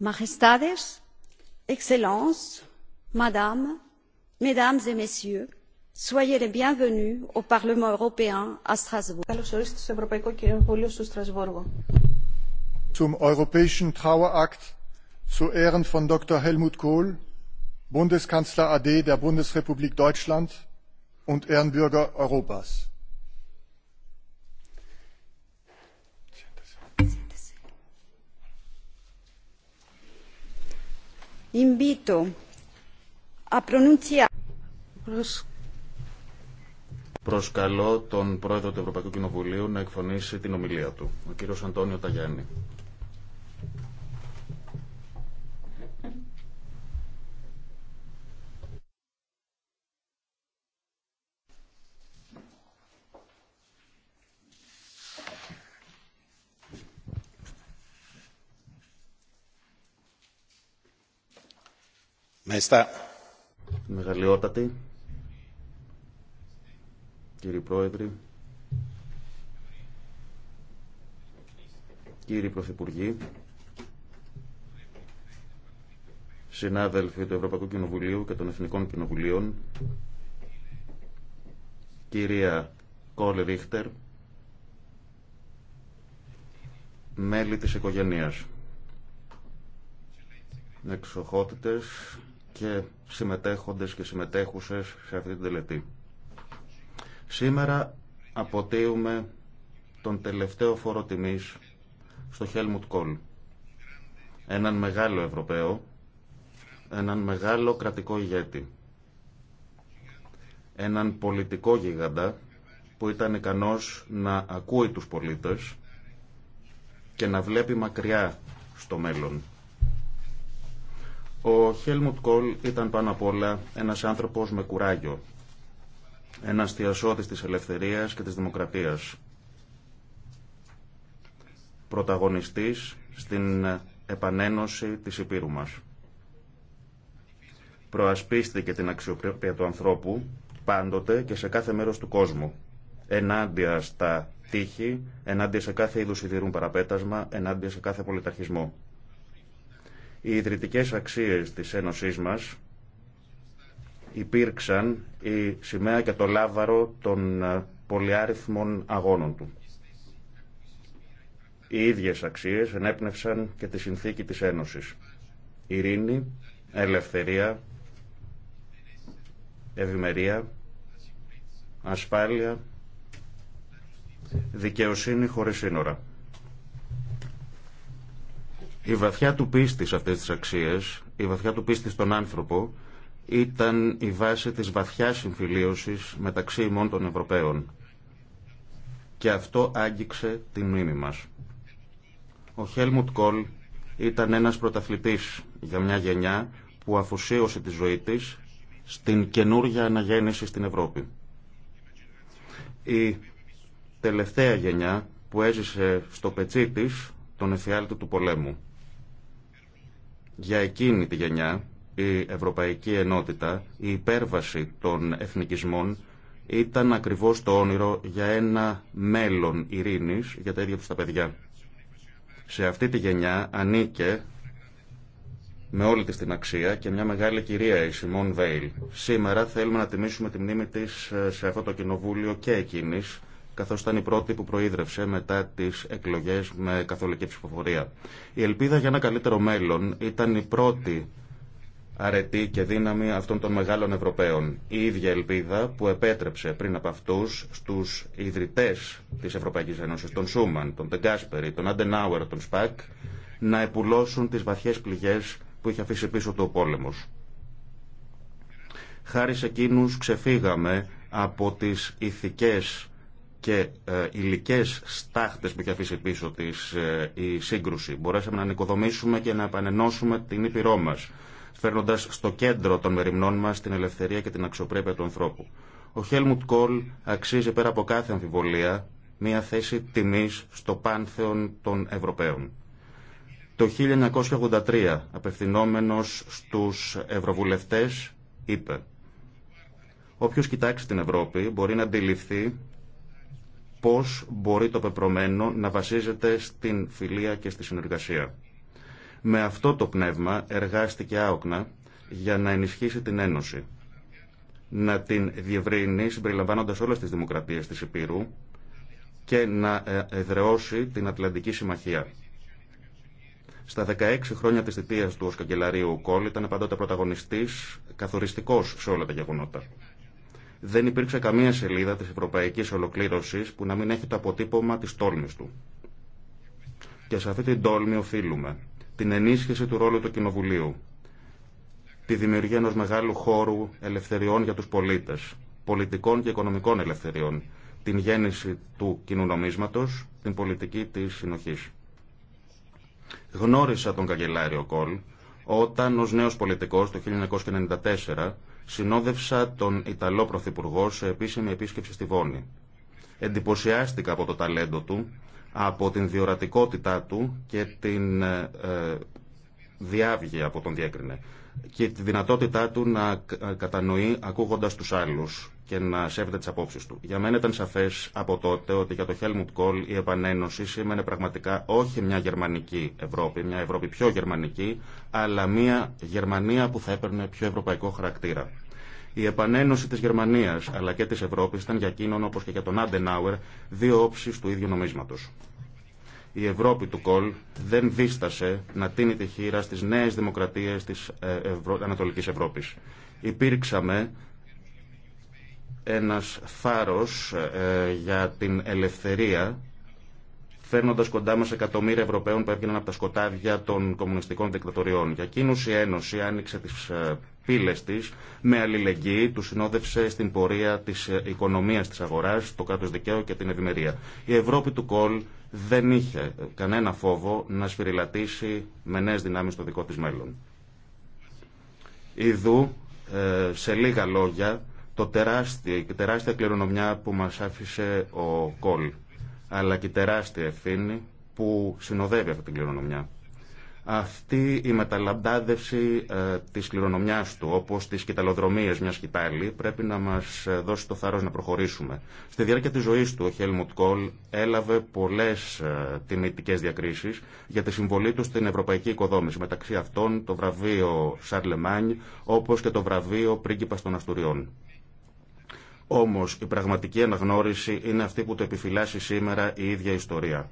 Majestades, Excellences, Madame, Mesdames et Messieurs, soyez les bienvenus au Parlement européen à Strasbourg. Zum europäischen Trauerakt zu Ehren von Dr. Helmut Kohl, Bundeskanzler AD der Bundesrepublik Deutschland und Ehrenbürger Europas. Invito a Προσκαλώ τον πρόεδρο του Ευρωπαϊκού Κοινοβουλίου να εκφωνήσει την ομιλία του, ο κύριος Αντώνιο Ταγιάννη. Μεγαλειότατη, κύριε Πρόεδρε, κύριοι Πρωθυπουργοί, συνάδελφοι του Ευρωπαϊκού Κοινοβουλίου και των Εθνικών Κοινοβουλίων, κυρία Κόλ Ρίχτερ, μέλη της οικογένειας, εξοχότητες, και συμμετέχοντες και συμμετέχουσες σε αυτή την τελετή. Σήμερα αποτείουμε τον τελευταίο φόρο τιμής στο Χέλμουτ Κόλ. Έναν μεγάλο Ευρωπαίο, έναν μεγάλο κρατικό ηγέτη, έναν πολιτικό γίγαντα που ήταν ικανός να ακούει τους πολίτες και να βλέπει μακριά στο μέλλον. Ο Χέλμουτ Κόλ ήταν πάνω απ' όλα ένας άνθρωπος με κουράγιο, ένας θειασότης της ελευθερίας και της δημοκρατίας, πρωταγωνιστής στην επανένωση της Υπήρου μας. Προασπίστηκε την αξιοπρέπεια του ανθρώπου πάντοτε και σε κάθε μέρος του κόσμου, ενάντια στα τείχη, ενάντια σε κάθε είδους σιδηρούν παραπέτασμα, ενάντια σε κάθε πολιταρχισμό. Οι ιδρυτικές αξίες της Ένωσής μας υπήρξαν η σημαία και το λάβαρο των ε, πολυάριθμων αγώνων του. Οι ίδιες αξίες ενέπνευσαν και τη συνθήκη της Ένωσης. Ειρήνη, ελευθερία, ευημερία, ασφάλεια, δικαιοσύνη χωρίς σύνορα. Η βαθιά του πίστη σε αυτές τις αξίες, η βαθιά του πίστη στον άνθρωπο, ήταν η βάση της βαθιάς συμφιλίωσης μεταξύ ημών των Ευρωπαίων. Και αυτό άγγιξε τη μνήμη μας. Ο Χέλμουτ Κόλ ήταν ένας πρωταθλητής για μια γενιά που αφοσίωσε τη ζωή της στην καινούργια αναγέννηση στην Ευρώπη. Η τελευταία γενιά που έζησε στο πετσί της τον εφιάλτη του πολέμου. Για εκείνη τη γενιά η Ευρωπαϊκή Ενότητα, η υπέρβαση των εθνικισμών ήταν ακριβώς το όνειρο για ένα μέλλον ειρήνης για τα ίδια τους τα παιδιά. Σε αυτή τη γενιά ανήκε με όλη της την αξία και μια μεγάλη κυρία η Σιμών Βέιλ. Σήμερα θέλουμε να τιμήσουμε τη μνήμη της ε, σε αυτό το κοινοβούλιο και εκείνης Καθώ ήταν η πρώτη που προείδρευσε μετά τι εκλογέ με καθολική ψηφοφορία. Η ελπίδα για ένα καλύτερο μέλλον ήταν η πρώτη αρετή και δύναμη αυτών των μεγάλων Ευρωπαίων. Η ίδια ελπίδα που επέτρεψε πριν από αυτού στου ιδρυτέ τη Ευρωπαϊκή Ένωση, τον Σούμαν, τον Τεγκάσπερη, τον Αντενάουερ, τον Σπακ, να επουλώσουν τι βαθιέ πληγέ που είχε αφήσει πίσω του ο πόλεμο. Χάρη σε εκείνου ξεφύγαμε από τι ηθικές και ε, υλικέ στάχτε που έχει αφήσει πίσω τη ε, η σύγκρουση. Μπορέσαμε να νοικοδομήσουμε και να επανενώσουμε την ήπειρό μα, φέρνοντα στο κέντρο των μεριμνών μα την ελευθερία και την αξιοπρέπεια του ανθρώπου. Ο Χέλμουντ Κόλ αξίζει πέρα από κάθε αμφιβολία μια θέση τιμή στο πάνθεον των Ευρωπαίων. Το 1983, απευθυνόμενος στους Ευρωβουλευτές, είπε «Όποιος κοιτάξει την Ευρώπη μπορεί να αντιληφθεί πώς μπορεί το πεπρωμένο να βασίζεται στην φιλία και στη συνεργασία. Με αυτό το πνεύμα εργάστηκε άοκνα για να ενισχύσει την Ένωση, να την διευρύνει συμπεριλαμβάνοντας όλες τις δημοκρατίες της Επίρου και να ε, εδρεώσει την Ατλαντική Συμμαχία. Στα 16 χρόνια της θητείας του ως καγκελαρίου Κόλ ήταν πάντοτε πρωταγωνιστής καθοριστικός σε όλα τα γεγονότα. Δεν υπήρξε καμία σελίδα της ευρωπαϊκής ολοκλήρωσης που να μην έχει το αποτύπωμα της τόλμης του. Και σε αυτή την τόλμη οφείλουμε την ενίσχυση του ρόλου του Κοινοβουλίου, τη δημιουργία ενός μεγάλου χώρου ελευθεριών για τους πολίτες, πολιτικών και οικονομικών ελευθεριών, την γέννηση του κοινού την πολιτική της συνοχής. Γνώρισα τον καγκελάριο Κόλ όταν ως νέος πολιτικός το 1994 συνόδευσα τον Ιταλό Πρωθυπουργό σε επίσημη επίσκεψη στη Βόνη. Εντυπωσιάστηκα από το ταλέντο του, από την διορατικότητά του και την ε, διάβγεια από τον διέκρινε και τη δυνατότητά του να κατανοεί ακούγοντας τους άλλους και να σέβεται τι απόψει του. Για μένα ήταν σαφέ από τότε ότι για το Helmut Kohl η επανένωση σήμαινε πραγματικά όχι μια γερμανική Ευρώπη, μια Ευρώπη πιο γερμανική, αλλά μια Γερμανία που θα έπαιρνε πιο ευρωπαϊκό χαρακτήρα. Η επανένωση τη Γερμανία αλλά και τη Ευρώπη ήταν για εκείνον όπω και για τον Άντενάουερ δύο όψει του ίδιου νομίσματο. Η Ευρώπη του Κολ δεν δίστασε να τίνει τη χείρα στι νέε δημοκρατίε τη ε, Ανατολική Ευρώπη. Υπήρξαμε ένας φάρος ε, για την ελευθερία φέρνοντας κοντά μας εκατομμύρια Ευρωπαίων που έβγαιναν από τα σκοτάδια των κομμουνιστικών δικτατοριών. Για εκείνου η Ένωση άνοιξε τις ε, πύλες της με αλληλεγγύη, του συνόδευσε στην πορεία της ε, οικονομίας, της αγοράς, το κράτος δικαίου και την ευημερία. Η Ευρώπη του Κολ δεν είχε κανένα φόβο να σφυριλατήσει με νέε δυνάμεις το δικό της μέλλον. Ιδού, σε λίγα λόγια, το τεράστια, η τεράστια κληρονομιά που μας άφησε ο Κόλ, αλλά και η τεράστια ευθύνη που συνοδεύει αυτή την κληρονομιά. Αυτή η μεταλαμπάδευση ε, της κληρονομιάς του, όπως τις κυταλοδρομίες μιας κοιτάλη πρέπει να μας ε, δώσει το θάρρος να προχωρήσουμε. Στη διάρκεια της ζωής του, ο Χέλμουτ Κόλ έλαβε πολλές ε, τιμητικές διακρίσεις για τη συμβολή του στην ευρωπαϊκή οικοδόμηση, μεταξύ αυτών το βραβείο Σαρλεμάνι, όπως και το βραβείο Πρίγκιπας των Αστουριών. Όμω η πραγματική αναγνώριση είναι αυτή που το επιφυλάσσει σήμερα η ίδια ιστορία.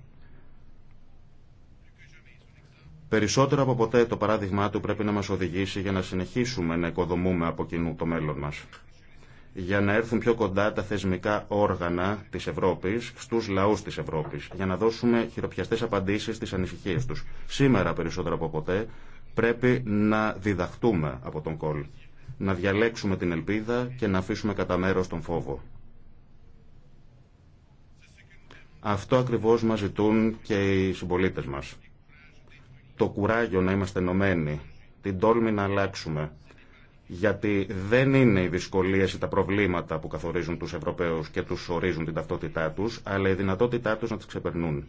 Περισσότερο από ποτέ το παράδειγμά του πρέπει να μας οδηγήσει για να συνεχίσουμε να οικοδομούμε από κοινού το μέλλον μας. Για να έρθουν πιο κοντά τα θεσμικά όργανα της Ευρώπης στους λαούς της Ευρώπης. Για να δώσουμε χειροπιαστές απαντήσεις στις ανησυχίες τους. Σήμερα περισσότερο από ποτέ πρέπει να διδαχτούμε από τον κόλ να διαλέξουμε την ελπίδα και να αφήσουμε κατά μέρο τον φόβο. Αυτό ακριβώς μας ζητούν και οι συμπολίτες μας. Το κουράγιο να είμαστε ενωμένοι, την τόλμη να αλλάξουμε, γιατί δεν είναι οι δυσκολίες ή τα προβλήματα που καθορίζουν τους Ευρωπαίους και τους ορίζουν την ταυτότητά τους, αλλά η δυνατότητά τους να τις ξεπερνούν.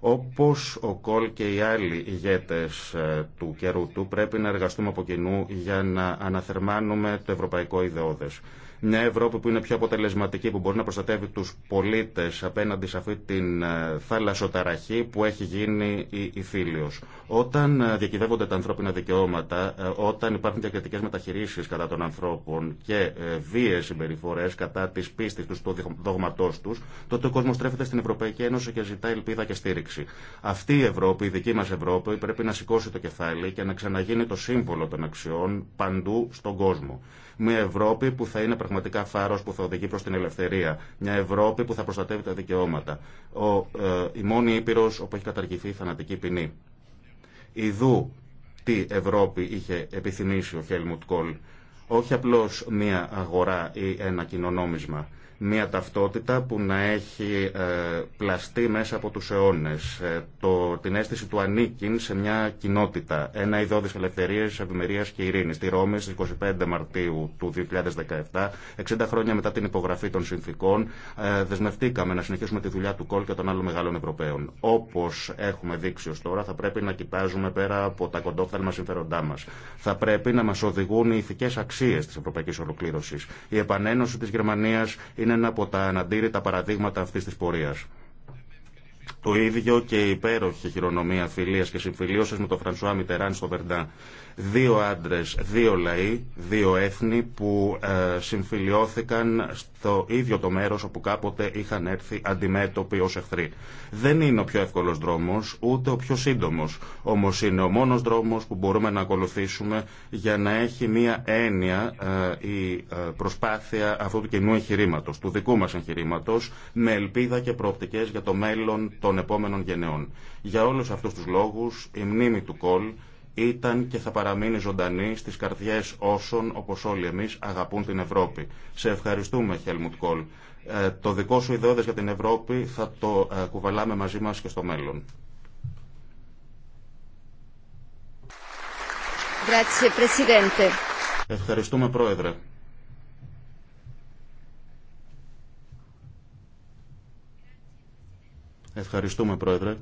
Όπως ο Κολ και οι άλλοι ηγέτες ε, του καιρού του πρέπει να εργαστούμε από κοινού για να αναθερμάνουμε το ευρωπαϊκό ιδεώδες. Μια Ευρώπη που είναι πιο αποτελεσματική, που μπορεί να προστατεύει τους πολίτες απέναντι σε αυτή την ε, θάλασσοταραχή που έχει γίνει η, η φίλιος. Όταν ε, διακυβεύονται τα ανθρώπινα δικαιώματα, ε, όταν υπάρχουν διακριτικές μεταχειρήσει κατά των ανθρώπων και βίες συμπεριφορέ κατά της πίστης τους, του δογματός τους τότε ο κόσμος στρέφεται στην Ευρωπαϊκή Ένωση και ζητά ελπίδα και στήριξη. Αυτή η Ευρώπη, η δική μας Ευρώπη, πρέπει να σηκώσει το κεφάλι και να ξαναγίνει το σύμβολο των αξιών παντού στον κόσμο. Μια Ευρώπη που θα είναι πραγματικά φάρο που θα οδηγεί προ την ελευθερία. Μια Ευρώπη που θα προστατεύει τα δικαιώματα. Ο, ε, η μόνη ήπειρο όπου έχει καταργηθεί η θανατική ποινή. Ιδού τι Ευρώπη είχε επιθυμήσει ο Χέλμουντ Κόλ. Όχι απλώ μια αγορά ή ένα κοινωνόμισμα μια ταυτότητα που να έχει ε, πλαστεί μέσα από τους αιώνες, ε, το, την αίσθηση του ανήκειν σε μια κοινότητα, ένα ειδόδης ελευθερίας, ευημερία και ειρήνης. Στη Ρώμη στις 25 Μαρτίου του 2017, 60 χρόνια μετά την υπογραφή των συνθήκων, ε, δεσμευτήκαμε να συνεχίσουμε τη δουλειά του Κόλ και των άλλων μεγάλων Ευρωπαίων. Όπως έχουμε δείξει ως τώρα, θα πρέπει να κοιτάζουμε πέρα από τα κοντόφθαλμα συμφέροντά μας. Θα πρέπει να μας οδηγούν οι ηθικές αξίες της ευρωπαϊκής ολοκλήρωσης. Η επανένωση της Γερμανίας είναι ένα από τα αναντήρητα παραδείγματα αυτής της πορείας. Το ίδιο και η υπέροχη χειρονομία φιλία και συμφιλίωση με τον Φρανσουά Μιτεράν στο Βερντά. Δύο άντρε, δύο λαοί, δύο έθνη που ε, συμφιλιώθηκαν στο ίδιο το μέρο όπου κάποτε είχαν έρθει αντιμέτωποι ω εχθροί. Δεν είναι ο πιο εύκολο δρόμο, ούτε ο πιο σύντομο. Όμω είναι ο μόνο δρόμο που μπορούμε να ακολουθήσουμε για να έχει μία έννοια ε, η ε, προσπάθεια αυτού του κοινού εγχειρήματο, του δικού μα εγχειρήματο, με ελπίδα και προοπτικέ για το μέλλον των επόμενων γενεών. Για όλους αυτούς τους λόγους η μνήμη του Κολ ήταν και θα παραμείνει ζωντανή στις καρδιές όσων, όπως όλοι εμείς, αγαπούν την Ευρώπη. Σε ευχαριστούμε, Χέλμουτ Κόλ. Ε, το δικό σου ιδεώδες για την Ευρώπη θα το ε, κουβαλάμε μαζί μας και στο μέλλον. Ευχαριστούμε, Πρόεδρε. Ευχαριστούμε, Πρόεδρε.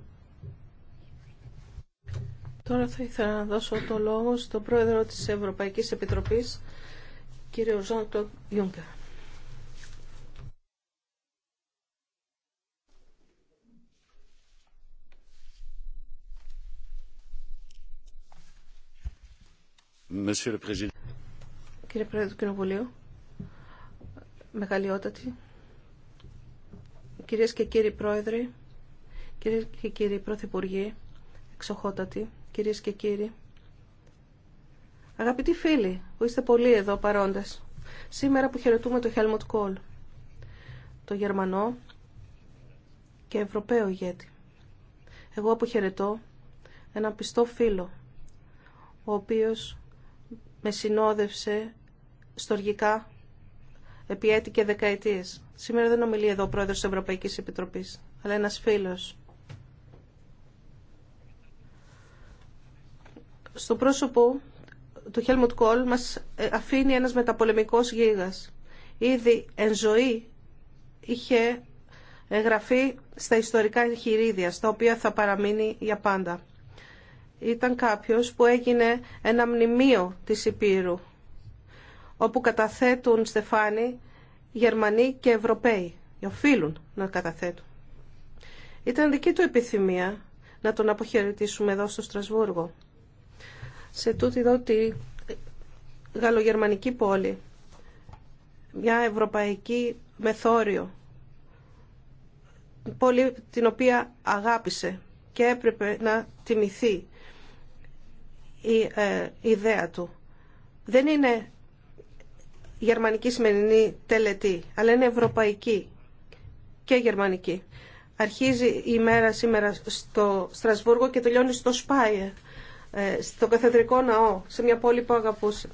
Τώρα θα ήθελα να δώσω το λόγο στον Πρόεδρο της Ευρωπαϊκής Επιτροπής, κύριο Ζόντο Κλοντ Γιούγκερ. Κύριε Πρόεδρε του Κοινοβουλίου, μεγαλειότατη, κυρίες και κύριοι Πρόεδροι, Κυρίε και κύριοι Πρωθυπουργοί, εξοχότατοι, κυρίε και κύριοι, αγαπητοί φίλοι που είστε πολλοί εδώ παρόντε, σήμερα που χαιρετούμε τον Χέλμοντ Κόλ, το Γερμανό και Ευρωπαίο ηγέτη. Εγώ αποχαιρετώ έναν πιστό φίλο, ο οποίος με συνόδευσε στοργικά επί έτη και δεκαετίες. Σήμερα δεν ομιλεί εδώ ο πρόεδρος της Ευρωπαϊκής Επιτροπής, αλλά ένας φίλος στο πρόσωπο του Χέλμουτ Κόλ μας ε, αφήνει ένας μεταπολεμικός γίγας. Ήδη εν ζωή είχε εγγραφεί στα ιστορικά εγχειρίδια, στα οποία θα παραμείνει για πάντα. Ήταν κάποιος που έγινε ένα μνημείο της Υπήρου, όπου καταθέτουν στεφάνι Γερμανοί και Ευρωπαίοι, οφείλουν να καταθέτουν. Ήταν δική του επιθυμία να τον αποχαιρετήσουμε εδώ στο Στρασβούργο σε τούτη εδώ τη γαλλογερμανική πόλη. Μια ευρωπαϊκή μεθόριο. Πόλη την οποία αγάπησε και έπρεπε να τιμηθεί ε, η ιδέα του. Δεν είναι γερμανική σημερινή τελετή, αλλά είναι ευρωπαϊκή και γερμανική. Αρχίζει η μέρα σήμερα στο Στρασβούργο και τελειώνει στο Σπάιε. Ε, στο καθεδρικό ναό, σε μια πόλη που αγαπούσε.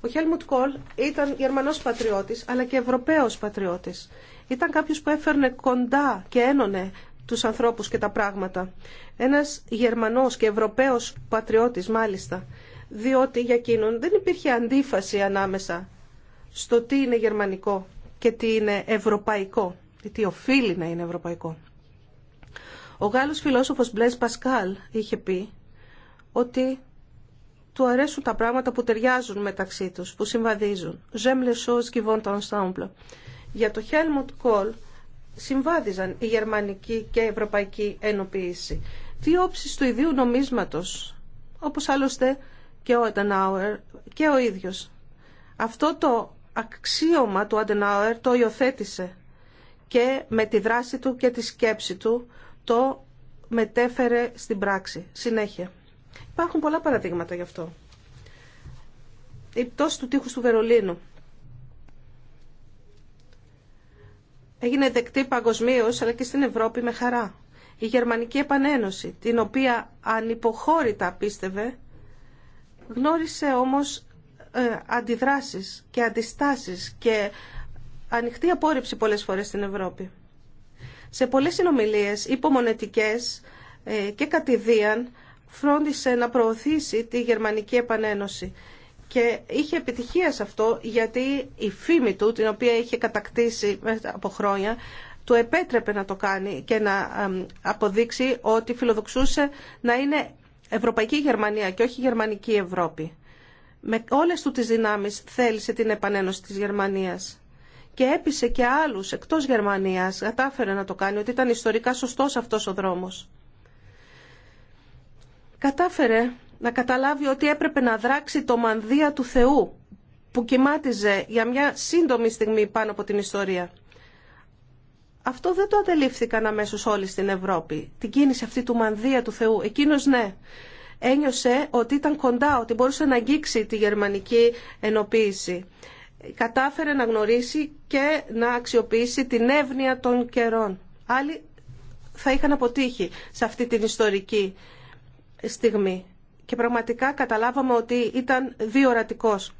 Ο Χέλμουντ Κόλ ήταν Γερμανός πατριώτης, αλλά και Ευρωπαίος πατριώτης. Ήταν κάποιος που έφερνε κοντά και ένωνε τους ανθρώπους και τα πράγματα. Ένας Γερμανός και Ευρωπαίος πατριώτης μάλιστα, διότι για εκείνον δεν υπήρχε αντίφαση ανάμεσα στο τι είναι γερμανικό και τι είναι ευρωπαϊκό, τι οφείλει να είναι ευρωπαϊκό. Ο Γάλλος φιλόσοφος Πασκάλ είχε πει ότι του αρέσουν τα πράγματα που ταιριάζουν μεταξύ τους, που συμβαδίζουν. J'aime les choses Για το Helmut Kohl συμβάδιζαν η γερμανική και η ευρωπαϊκή ενοποίηση. Δύο όψεις του ιδίου νομίσματος, όπως άλλωστε και ο Adenauer και ο ίδιος. Αυτό το αξίωμα του Adenauer το υιοθέτησε και με τη δράση του και τη σκέψη του το μετέφερε στην πράξη. Συνέχεια. Υπάρχουν πολλά παραδείγματα γι' αυτό. Η πτώση του τείχους του Βερολίνου. Έγινε δεκτή παγκοσμίω αλλά και στην Ευρώπη με χαρά. Η Γερμανική Επανένωση, την οποία ανυποχώρητα πίστευε, γνώρισε όμως ε, αντιδράσεις και αντιστάσεις και ανοιχτή απόρριψη πολλές φορές στην Ευρώπη. Σε πολλές συνομιλίες υπομονετικές ε, και κατηδίαν φρόντισε να προωθήσει τη Γερμανική Επανένωση. Και είχε επιτυχία σε αυτό γιατί η φήμη του, την οποία είχε κατακτήσει από χρόνια, του επέτρεπε να το κάνει και να αποδείξει ότι φιλοδοξούσε να είναι Ευρωπαϊκή Γερμανία και όχι Γερμανική Ευρώπη. Με όλες του τις δυνάμεις θέλησε την επανένωση της Γερμανίας και έπεισε και άλλους εκτός Γερμανίας, κατάφερε να το κάνει, ότι ήταν ιστορικά σωστός αυτός ο δρόμος κατάφερε να καταλάβει ότι έπρεπε να δράξει το μανδύα του Θεού που κοιμάτιζε για μια σύντομη στιγμή πάνω από την ιστορία. Αυτό δεν το αντελήφθηκαν αμέσω όλοι στην Ευρώπη. Την κίνηση αυτή του μανδύα του Θεού. Εκείνο ναι. Ένιωσε ότι ήταν κοντά, ότι μπορούσε να αγγίξει τη γερμανική ενοποίηση. Κατάφερε να γνωρίσει και να αξιοποιήσει την εύνοια των καιρών. Άλλοι θα είχαν αποτύχει σε αυτή την ιστορική στιγμή και πραγματικά καταλάβαμε ότι ήταν διορατικός.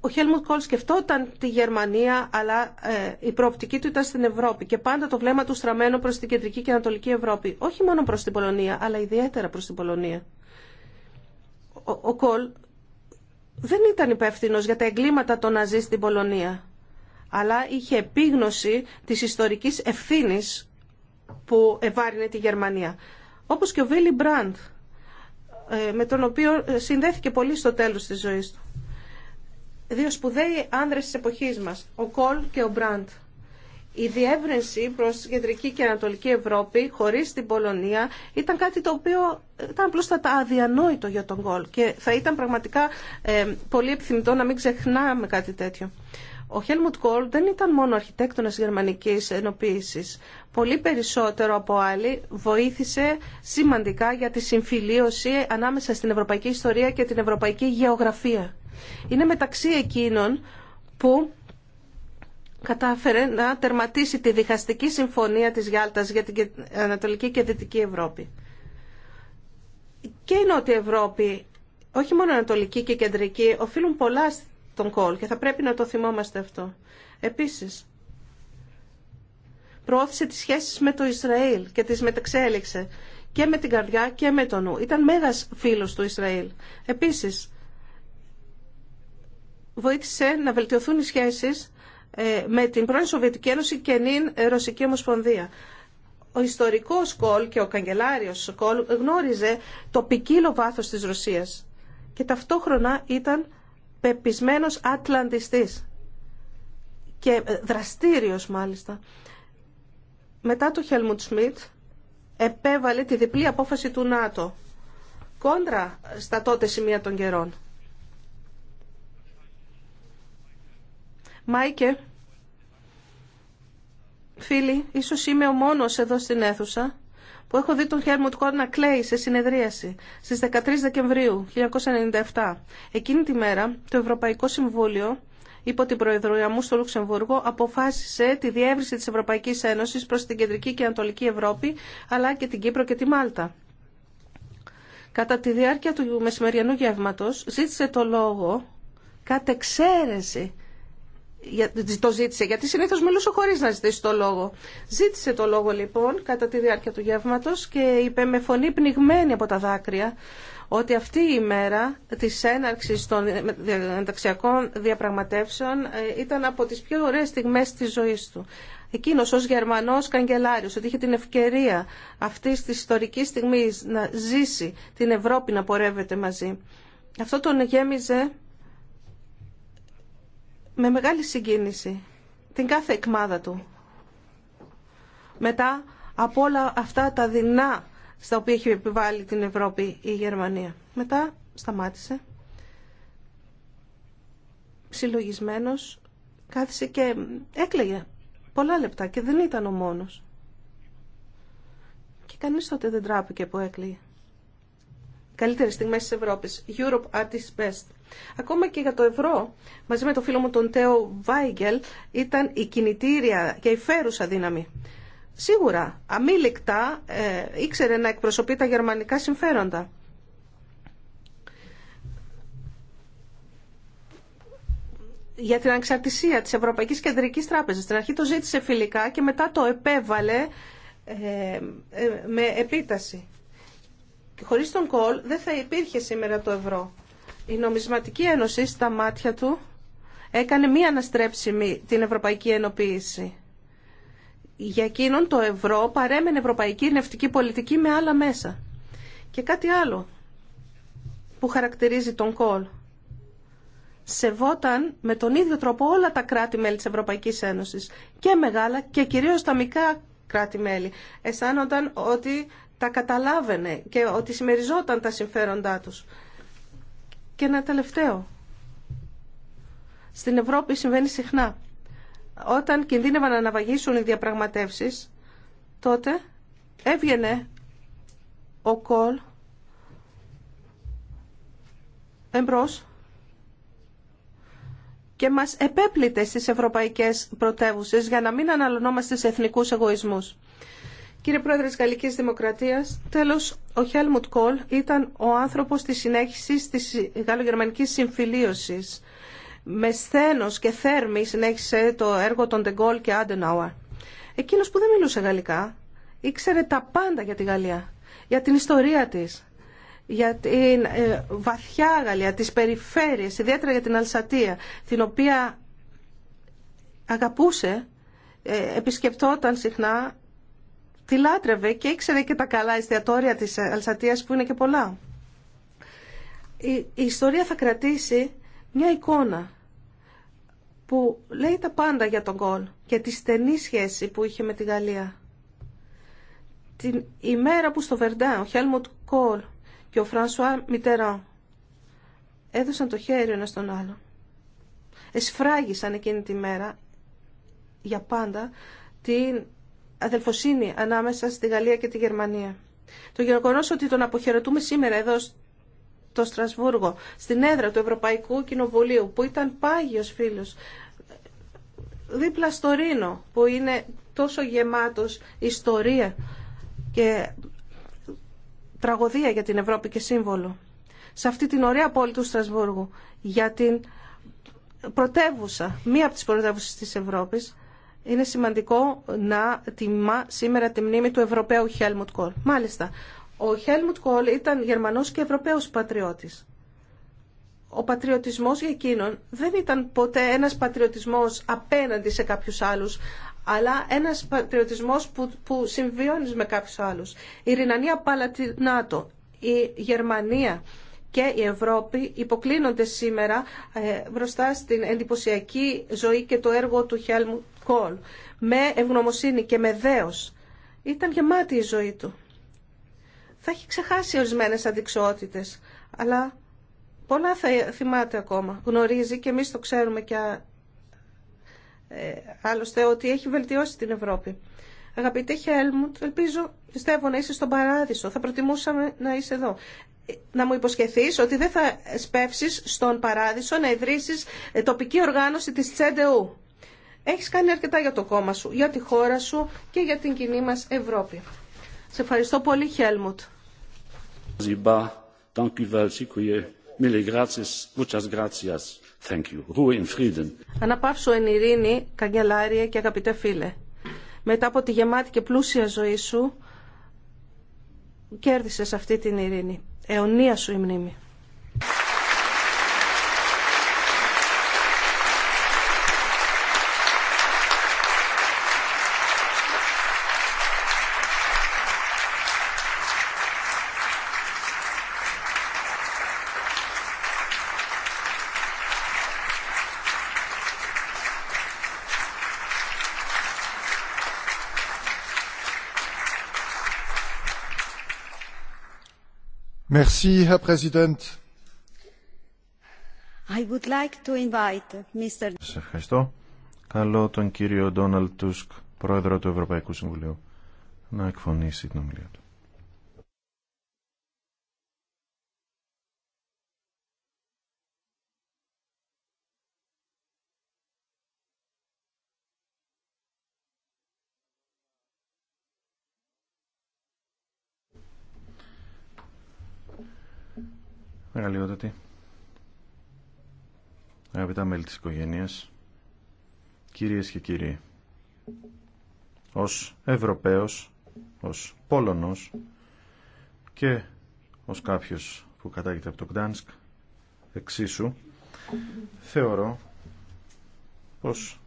Ο Χέλμουντ Κόλ σκεφτόταν τη Γερμανία, αλλά ε, η προοπτική του ήταν στην Ευρώπη και πάντα το βλέμμα του στραμμένο προς την κεντρική και ανατολική Ευρώπη. Όχι μόνο προς την Πολωνία, αλλά ιδιαίτερα προς την Πολωνία. Ο, Κόλ δεν ήταν υπεύθυνο για τα εγκλήματα των Ναζί στην Πολωνία, αλλά είχε επίγνωση της ιστορικής ευθύνης που ευάρυνε τη Γερμανία. Όπως και ο Βίλι Μπραντ, ε, με τον οποίο ε, συνδέθηκε πολύ στο τέλος της ζωής του. Δύο σπουδαίοι άνδρες της εποχής μας, ο Κολ και ο Μπραντ. Η διεύρυνση προς Κεντρική και Ανατολική Ευρώπη χωρίς την Πολωνία ήταν κάτι το οποίο ε, ήταν απλώς τα αδιανόητο για τον Κολ και θα ήταν πραγματικά πολύ επιθυμητό να μην ξεχνάμε κάτι τέτοιο. Ο Χέλμουτ Κόλ δεν ήταν μόνο αρχιτέκτονας γερμανικής ενοποίησης. Πολύ περισσότερο από άλλοι βοήθησε σημαντικά για τη συμφιλίωση ανάμεσα στην ευρωπαϊκή ιστορία και την ευρωπαϊκή γεωγραφία. Είναι μεταξύ εκείνων που κατάφερε να τερματίσει τη διχαστική συμφωνία της Γιάλτας για την Ανατολική και Δυτική Ευρώπη. Και η Νότια Ευρώπη, όχι μόνο Ανατολική και Κεντρική, οφείλουν πολλά τον κόλ και θα πρέπει να το θυμόμαστε αυτό. Επίσης, προώθησε τις σχέσεις με το Ισραήλ και τις μεταξέλιξε και με την καρδιά και με τον νου. Ήταν μέγας φίλος του Ισραήλ. Επίσης, βοήθησε να βελτιωθούν οι σχέσεις ε, με την πρώην Σοβιετική Ένωση και την ε, Ρωσική Ομοσπονδία. Ο ιστορικός Κόλ και ο καγκελάριος Κόλ γνώριζε το ποικίλο βάθος της Ρωσίας και ταυτόχρονα ήταν πεπισμένος ατλαντιστής και ε, δραστήριος μάλιστα. Μετά το Χέλμουντ Σμιτ επέβαλε τη διπλή απόφαση του ΝΑΤΟ κόντρα στα τότε σημεία των καιρών. Μάικε, φίλοι, ίσως είμαι ο μόνος εδώ στην αίθουσα που έχω δει τον Χέρμουτ Κόρ να κλαίει σε συνεδρίαση στις 13 Δεκεμβρίου 1997. Εκείνη τη μέρα το Ευρωπαϊκό Συμβούλιο υπό την Προεδρία μου στο Λουξεμβούργο αποφάσισε τη διεύρυνση της Ευρωπαϊκής Ένωσης προς την Κεντρική και Ανατολική Ευρώπη αλλά και την Κύπρο και τη Μάλτα. Κατά τη διάρκεια του μεσημεριανού γεύματο, ζήτησε το λόγο κατ' εξαίρεση το ζήτησε, γιατί συνήθω μιλούσε χωρί να ζητήσει το λόγο. Ζήτησε το λόγο λοιπόν κατά τη διάρκεια του γεύματο και είπε με φωνή πνιγμένη από τα δάκρυα ότι αυτή η μέρα τη έναρξη των ενταξιακών διαπραγματεύσεων ε, ήταν από τις πιο ωραίες στιγμές της ζωής του. Εκείνο ω Γερμανός καγκελάριο ότι είχε την ευκαιρία αυτή τη ιστορική στιγμή να ζήσει την Ευρώπη να πορεύεται μαζί. Αυτό τον γέμιζε με μεγάλη συγκίνηση την κάθε εκμάδα του. Μετά από όλα αυτά τα δεινά στα οποία έχει επιβάλει την Ευρώπη η Γερμανία. Μετά σταμάτησε. Συλλογισμένος κάθισε και έκλαιγε πολλά λεπτά και δεν ήταν ο μόνος. Και κανείς τότε δεν τράπηκε που έκλαιγε. Καλύτερες στιγμές της Ευρώπης. Europe at its best. Ακόμα και για το ευρώ, μαζί με το φίλο μου τον Τέο Βάιγκελ, ήταν η κινητήρια και η φέρουσα δύναμη. Σίγουρα, αμήλικτα, ε, ήξερε να εκπροσωπεί τα γερμανικά συμφέροντα. για την ανεξαρτησία της Ευρωπαϊκής Κεντρικής Τράπεζας. Στην αρχή το ζήτησε φιλικά και μετά το επέβαλε ε, ε, με επίταση. Και χωρίς τον κόλ δεν θα υπήρχε σήμερα το ευρώ η νομισματική ένωση στα μάτια του έκανε μία αναστρέψιμη την ευρωπαϊκή ενοποίηση. Για εκείνον το ευρώ παρέμενε ευρωπαϊκή νευτική πολιτική με άλλα μέσα. Και κάτι άλλο που χαρακτηρίζει τον κόλ. Σεβόταν με τον ίδιο τρόπο όλα τα κράτη-μέλη της Ευρωπαϊκής Ένωσης και μεγάλα και κυρίως τα μικρά κράτη-μέλη. Αισθάνονταν ότι τα καταλάβαινε και ότι συμμεριζόταν τα συμφέροντά τους. Και ένα τελευταίο. Στην Ευρώπη συμβαίνει συχνά. Όταν κινδύνευαν να αναβαγίσουν οι διαπραγματεύσεις, τότε έβγαινε ο κόλ εμπρός και μας επέπλητε στις ευρωπαϊκές πρωτεύουσες για να μην αναλωνόμαστε σε εθνικούς εγωισμούς. Κύριε Πρόεδρε της Γαλλικής Δημοκρατίας, τέλος, ο Χέλμουτ Κόλ ήταν ο άνθρωπος της συνέχισης της γαλλογερμανικής συμφιλίωσης. Με σθένος και θέρμη συνέχισε το έργο των Ντεγκόλ και Άντεναουαρ. Εκείνος που δεν μιλούσε γαλλικά, ήξερε τα πάντα για τη Γαλλία, για την ιστορία της, για την ε, βαθιά Γαλλία, τις περιφέρειες, ιδιαίτερα για την Αλσατία, την οποία αγαπούσε, ε, επισκεπτόταν συχνά τη λάτρευε και ήξερε και τα καλά εστιατόρια της Αλσατίας που είναι και πολλά. Η, ιστορία θα κρατήσει μια εικόνα που λέει τα πάντα για τον Κόλ και τη στενή σχέση που είχε με τη Γαλλία. Την ημέρα που στο Βερντά ο Χέλμοντ Κόλ και ο Φρανσουά Μιτεράν έδωσαν το χέρι ένα στον άλλο. Εσφράγισαν εκείνη τη μέρα για πάντα την αδελφοσύνη ανάμεσα στη Γαλλία και τη Γερμανία. Το γεγονό ότι τον αποχαιρετούμε σήμερα εδώ στο Στρασβούργο, στην έδρα του Ευρωπαϊκού Κοινοβουλίου, που ήταν πάγιος φίλος, δίπλα στο Ρήνο, που είναι τόσο γεμάτος ιστορία και τραγωδία για την Ευρώπη και σύμβολο. Σε αυτή την ωραία πόλη του Στρασβούργου, για την πρωτεύουσα, μία από τις πρωτεύουσες της Ευρώπης, είναι σημαντικό να τιμά σήμερα τη μνήμη του Ευρωπαίου Χέλμουτ Κόλ. Μάλιστα, ο Χέλμουτ Κόλ ήταν Γερμανός και Ευρωπαίος πατριώτης. Ο πατριωτισμός για εκείνον δεν ήταν ποτέ ένας πατριωτισμός απέναντι σε κάποιους άλλους, αλλά ένας πατριωτισμός που, που με κάποιους άλλους. Η Ρινανία Παλατινάτο, η Γερμανία και η Ευρώπη υποκλίνονται σήμερα ε, μπροστά στην εντυπωσιακή ζωή και το έργο του Χέλμουτ με ευγνωμοσύνη και με δέος. Ήταν γεμάτη η ζωή του. Θα έχει ξεχάσει ορισμένε αντικσότητες, αλλά πολλά θα θυμάται ακόμα. Γνωρίζει και εμείς το ξέρουμε και ε, άλλωστε ότι έχει βελτιώσει την Ευρώπη. Αγαπητέ Χέλμουντ, ελπίζω, πιστεύω να είσαι στον παράδεισο. Θα προτιμούσαμε να είσαι εδώ. Ε, να μου υποσχεθείς ότι δεν θα σπεύσεις στον παράδεισο να ιδρύσεις ε, τοπική οργάνωση της Τσέντεου. Έχεις κάνει αρκετά για το κόμμα σου, για τη χώρα σου και για την κοινή μας Ευρώπη. Σε ευχαριστώ πολύ, Χέλμουτ. Αναπαύσω εν ειρήνη, καγκελάριε και αγαπητέ φίλε. Μετά από τη γεμάτη και πλούσια ζωή σου, κέρδισες αυτή την ειρήνη. Αιωνία σου η μνήμη. Merci, Σας ευχαριστώ. Καλώ τον κύριο Ντόναλτ Τούσκ, πρόεδρο του Ευρωπαϊκού Συμβουλίου, να εκφωνήσει την ομιλία του. Μεγαλειότατη. Αγαπητά μέλη της οικογένειας, κυρίες και κύριοι, ως Ευρωπαίος, ως Πόλωνος και ως κάποιος που κατάγεται από το Κτάνσκ εξίσου, θεωρώ πως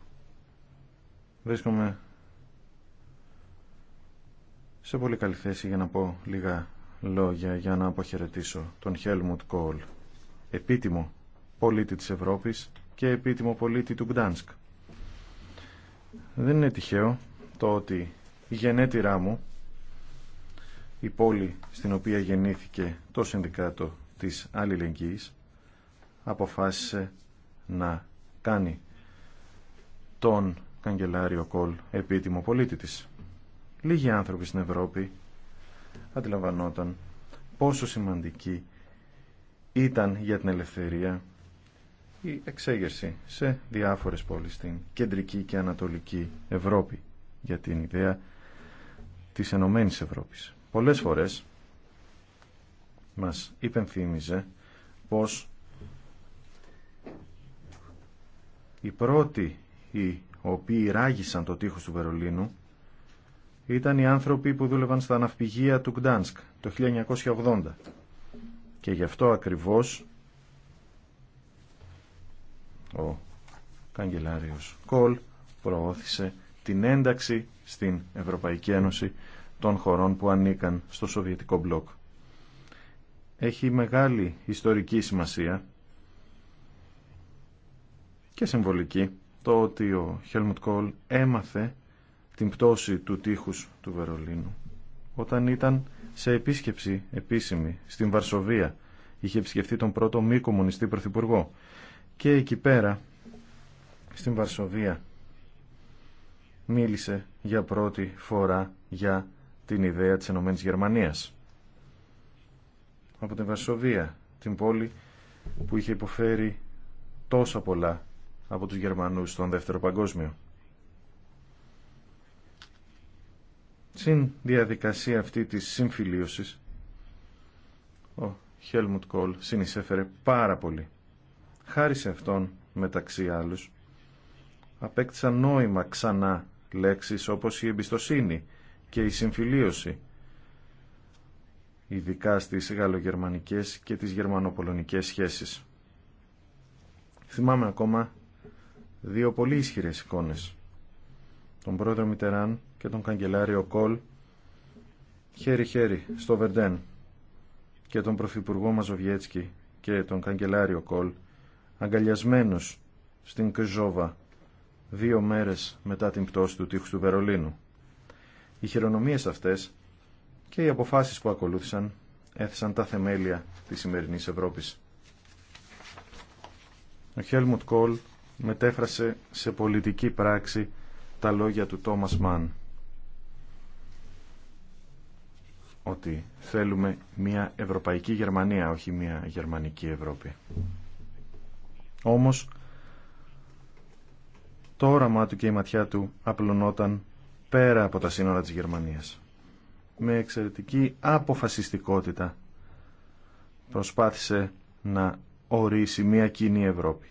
βρίσκομαι σε πολύ καλή θέση για να πω λίγα λόγια για να αποχαιρετήσω τον Χέλμουτ Κόλ, επίτιμο πολίτη της Ευρώπης και επίτιμο πολίτη του Γκτάνσκ. Δεν είναι τυχαίο το ότι η γενέτειρά μου, η πόλη στην οποία γεννήθηκε το Συνδικάτο της Αλληλεγγύης, αποφάσισε να κάνει τον καγκελάριο Κόλ επίτιμο πολίτη της. Λίγοι άνθρωποι στην Ευρώπη αντιλαμβανόταν πόσο σημαντική ήταν για την ελευθερία η εξέγερση σε διάφορες πόλεις στην κεντρική και ανατολική Ευρώπη για την ιδέα της Ενωμένης Ευρώπης. Πολλές φορές μας υπενθύμιζε πως οι πρώτοι οι οποίοι ράγισαν το τείχος του Βερολίνου ήταν οι άνθρωποι που δούλευαν στα ναυπηγεία του Γκτάνσκ το 1980. Και γι' αυτό ακριβώς ο καγκελάριος Κολ προώθησε την ένταξη στην Ευρωπαϊκή Ένωση των χωρών που ανήκαν στο Σοβιετικό μπλοκ. Έχει μεγάλη ιστορική σημασία και συμβολική το ότι ο Χέλμουτ Κόλ έμαθε την πτώση του τείχους του Βερολίνου. Όταν ήταν σε επίσκεψη επίσημη στην Βαρσοβία, είχε επισκεφθεί τον πρώτο μη κομμουνιστή πρωθυπουργό. Και εκεί πέρα, στην Βαρσοβία, μίλησε για πρώτη φορά για την ιδέα της Ενωμένης Γερμανίας. Από την Βαρσοβία, την πόλη που είχε υποφέρει τόσα πολλά από τους Γερμανούς στον Δεύτερο Παγκόσμιο. Στην διαδικασία αυτή της συμφιλίωσης, ο Χέλμουτ Κόλ συνεισέφερε πάρα πολύ. Χάρη σε αυτόν, μεταξύ άλλους, απέκτησαν νόημα ξανά λέξεις όπως η εμπιστοσύνη και η συμφιλίωση, ειδικά στις γαλλογερμανικές και τις γερμανοπολωνικές σχέσεις. Θυμάμαι ακόμα δύο πολύ ισχυρές εικόνες. Τον πρόεδρο Μιτεράν και τον καγκελάριο Κολ χέρι-χέρι στο Βερντέν και τον Πρωθυπουργό Μαζοβιέτσκι και τον καγκελάριο Κολ αγκαλιασμένους στην Κεζόβα δύο μέρες μετά την πτώση του τείχους του Βερολίνου. Οι χειρονομίες αυτές και οι αποφάσεις που ακολούθησαν έθεσαν τα θεμέλια της σημερινής Ευρώπης. Ο Χέλμουτ Κόλ μετέφρασε σε πολιτική πράξη τα λόγια του Τόμας Μαν. ότι θέλουμε μια ευρωπαϊκή Γερμανία, όχι μια γερμανική Ευρώπη. Όμως, το όραμά του και η ματιά του απλωνόταν πέρα από τα σύνορα της Γερμανίας. Με εξαιρετική αποφασιστικότητα προσπάθησε να ορίσει μια κοινή Ευρώπη.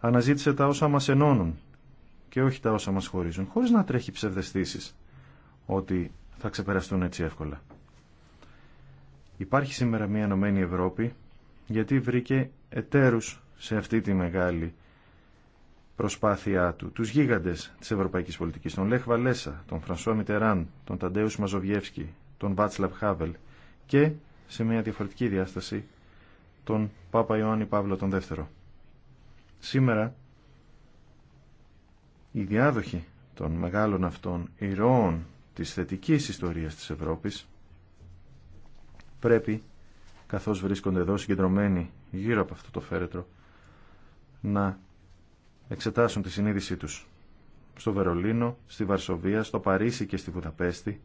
Αναζήτησε τα όσα μας ενώνουν και όχι τα όσα μας χωρίζουν, χωρίς να τρέχει ψευδεστήσεις ότι θα ξεπεραστούν έτσι εύκολα. Υπάρχει σήμερα μια ενωμένη Ευρώπη γιατί βρήκε εταίρους σε αυτή τη μεγάλη προσπάθειά του. Τους γίγαντες της ευρωπαϊκής πολιτικής, τον Λέχ Βαλέσα, τον Φρανσουά Μιτεράν, τον Ταντέους Μαζοβιεύσκη, τον Βάτσλαβ Χάβελ και σε μια διαφορετική διάσταση τον Πάπα Ιωάννη Παύλο τον Δεύτερο. Σήμερα οι διάδοχοι των μεγάλων αυτών ηρώων της θετικής ιστορίας της Ευρώπης πρέπει, καθώς βρίσκονται εδώ συγκεντρωμένοι γύρω από αυτό το φέρετρο, να εξετάσουν τη συνείδησή τους. Στο Βερολίνο, στη Βαρσοβία, στο Παρίσι και στη Βουδαπέστη,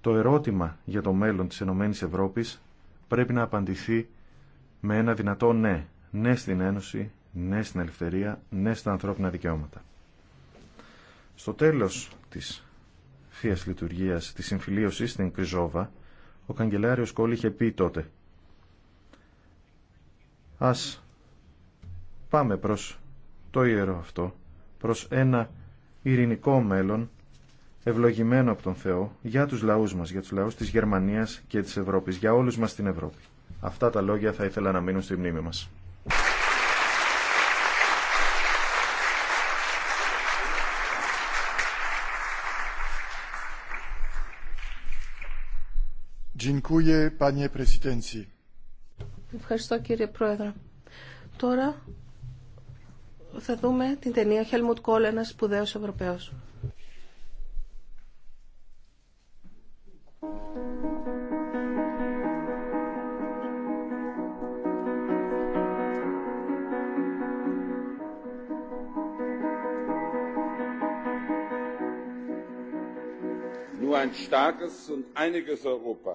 το ερώτημα για το μέλλον της Ενωμένης Ευρώπης πρέπει να απαντηθεί με ένα δυνατό ναι. Ναι στην Ένωση, ναι στην ελευθερία, ναι στα ανθρώπινα δικαιώματα. Στο τέλος της θείας λειτουργίας της συμφιλίωσης στην Κριζόβα, ο καγκελάριος Κόλλη είχε πει τότε. Ας πάμε προς το ιερό αυτό, προς ένα ειρηνικό μέλλον, ευλογημένο από τον Θεό, για τους λαούς μας, για τους λαούς της Γερμανίας και της Ευρώπης, για όλους μας στην Ευρώπη. Αυτά τα λόγια θα ήθελα να μείνουν στη μνήμη μας. Ευχαριστώ κύριε Πρόεδρε. Τώρα θα δούμε την ταινία «Χέλμουτ Κόλ, ένας σπουδαίος Ευρωπαίος.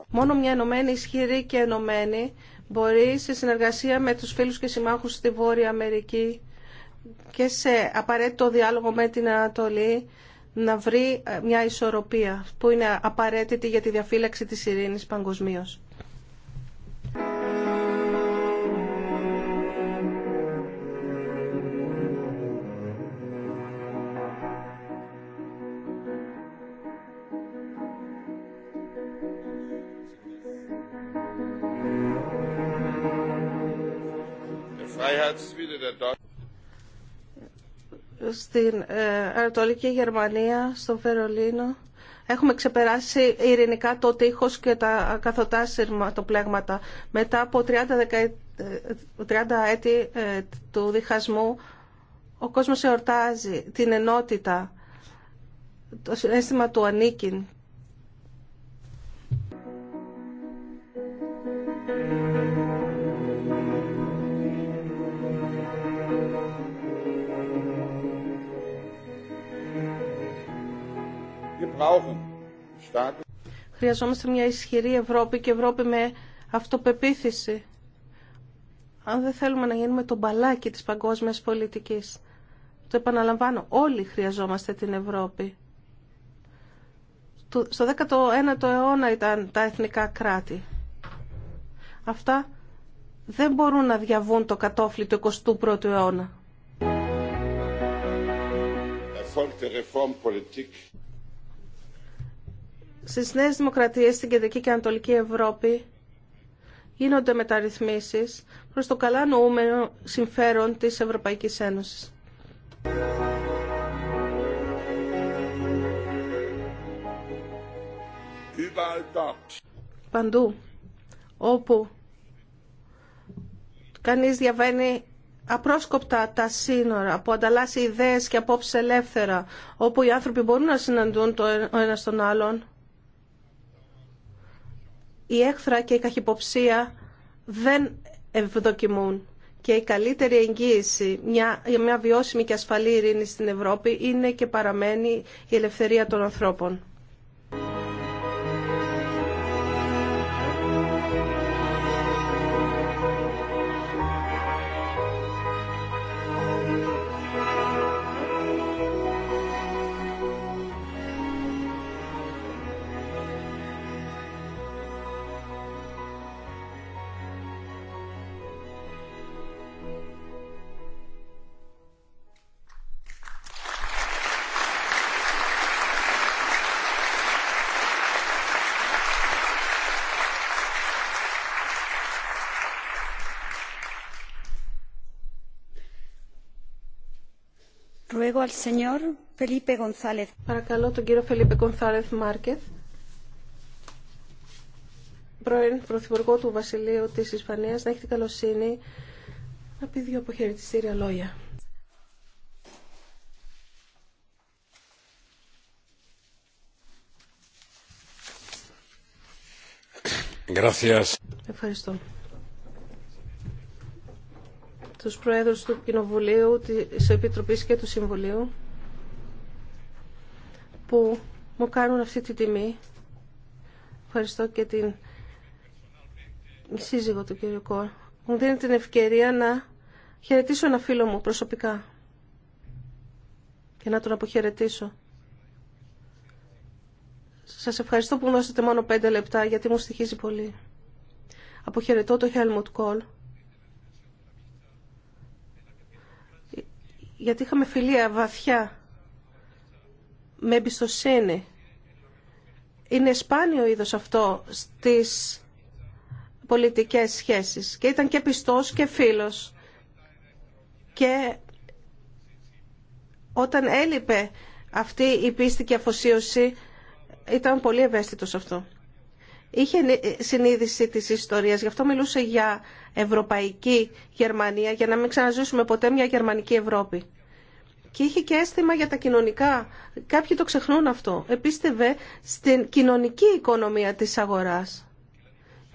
Μόνο μια ενωμένη, ισχυρή και ενωμένη μπορεί σε συνεργασία με τους φίλους και συμμάχους στη Βόρεια Αμερική και σε απαραίτητο διάλογο με την Ανατολή να βρει ε, μια ισορροπία που είναι απαραίτητη για τη διαφύλαξη της ειρήνης παγκοσμίως. Στην ε, Ανατολική Γερμανία, στο Βερολίνο, έχουμε ξεπεράσει ειρηνικά το τείχος και τα καθοτά πλέγματα. Μετά από 30, 30 ε, έτη ε, του διχασμού, ο κόσμος εορτάζει την ενότητα, το συνέστημα του ανήκειν, Χρειαζόμαστε μια ισχυρή Ευρώπη και Ευρώπη με αυτοπεποίθηση. Αν δεν θέλουμε να γίνουμε το μπαλάκι της παγκόσμιας πολιτικής. Το επαναλαμβάνω, όλοι χρειαζόμαστε την Ευρώπη. Στο 19ο αιώνα ήταν τα εθνικά κράτη. Αυτά δεν μπορούν να διαβούν το κατόφλι του 21ου αιώνα. Στις νέες δημοκρατίες στην Κεντρική και Ανατολική Ευρώπη γίνονται μεταρρυθμίσεις προς το καλά νοούμενο συμφέρον της Ευρωπαϊκής Ένωσης. Παντού όπου κανείς διαβαίνει απρόσκοπτα τα σύνορα, που ανταλλάσσει ιδέες και απόψεις ελεύθερα, όπου οι άνθρωποι μπορούν να συναντούν το ένα στον άλλον, η έχθρα και η καχυποψία δεν ευδοκιμούν. Και η καλύτερη εγγύηση μια, για μια βιώσιμη και ασφαλή ειρήνη στην Ευρώπη είναι και παραμένει η ελευθερία των ανθρώπων. Παρακαλώ τον κύριο Φελίπε Γκονθάλεθ Μάρκεθ, πρώην Πρωθυπουργό του Βασιλείου της Ισπανίας, να έχει την καλοσύνη να πει δύο αποχαιρετιστήρια λόγια. Ευχαριστώ τους Προέδρους του Κοινοβουλίου, της Επιτροπής και του Συμβουλίου που μου κάνουν αυτή τη τιμή. Ευχαριστώ και την σύζυγο του κ. Κόρ. Μου δίνει την ευκαιρία να χαιρετήσω ένα φίλο μου προσωπικά και να τον αποχαιρετήσω. Σας ευχαριστώ που μου δώσατε μόνο πέντε λεπτά γιατί μου στοιχίζει πολύ. Αποχαιρετώ το Helmut Κόλ. γιατί είχαμε φιλία βαθιά με εμπιστοσύνη. Είναι σπάνιο είδος αυτό στις πολιτικές σχέσεις και ήταν και πιστός και φίλος και όταν έλειπε αυτή η πίστη και αφοσίωση ήταν πολύ ευαίσθητος αυτό. Είχε συνείδηση της ιστορίας, γι' αυτό μιλούσε για ευρωπαϊκή Γερμανία, για να μην ξαναζήσουμε ποτέ μια γερμανική Ευρώπη και είχε και αίσθημα για τα κοινωνικά. Κάποιοι το ξεχνούν αυτό. Επίστευε στην κοινωνική οικονομία της αγοράς.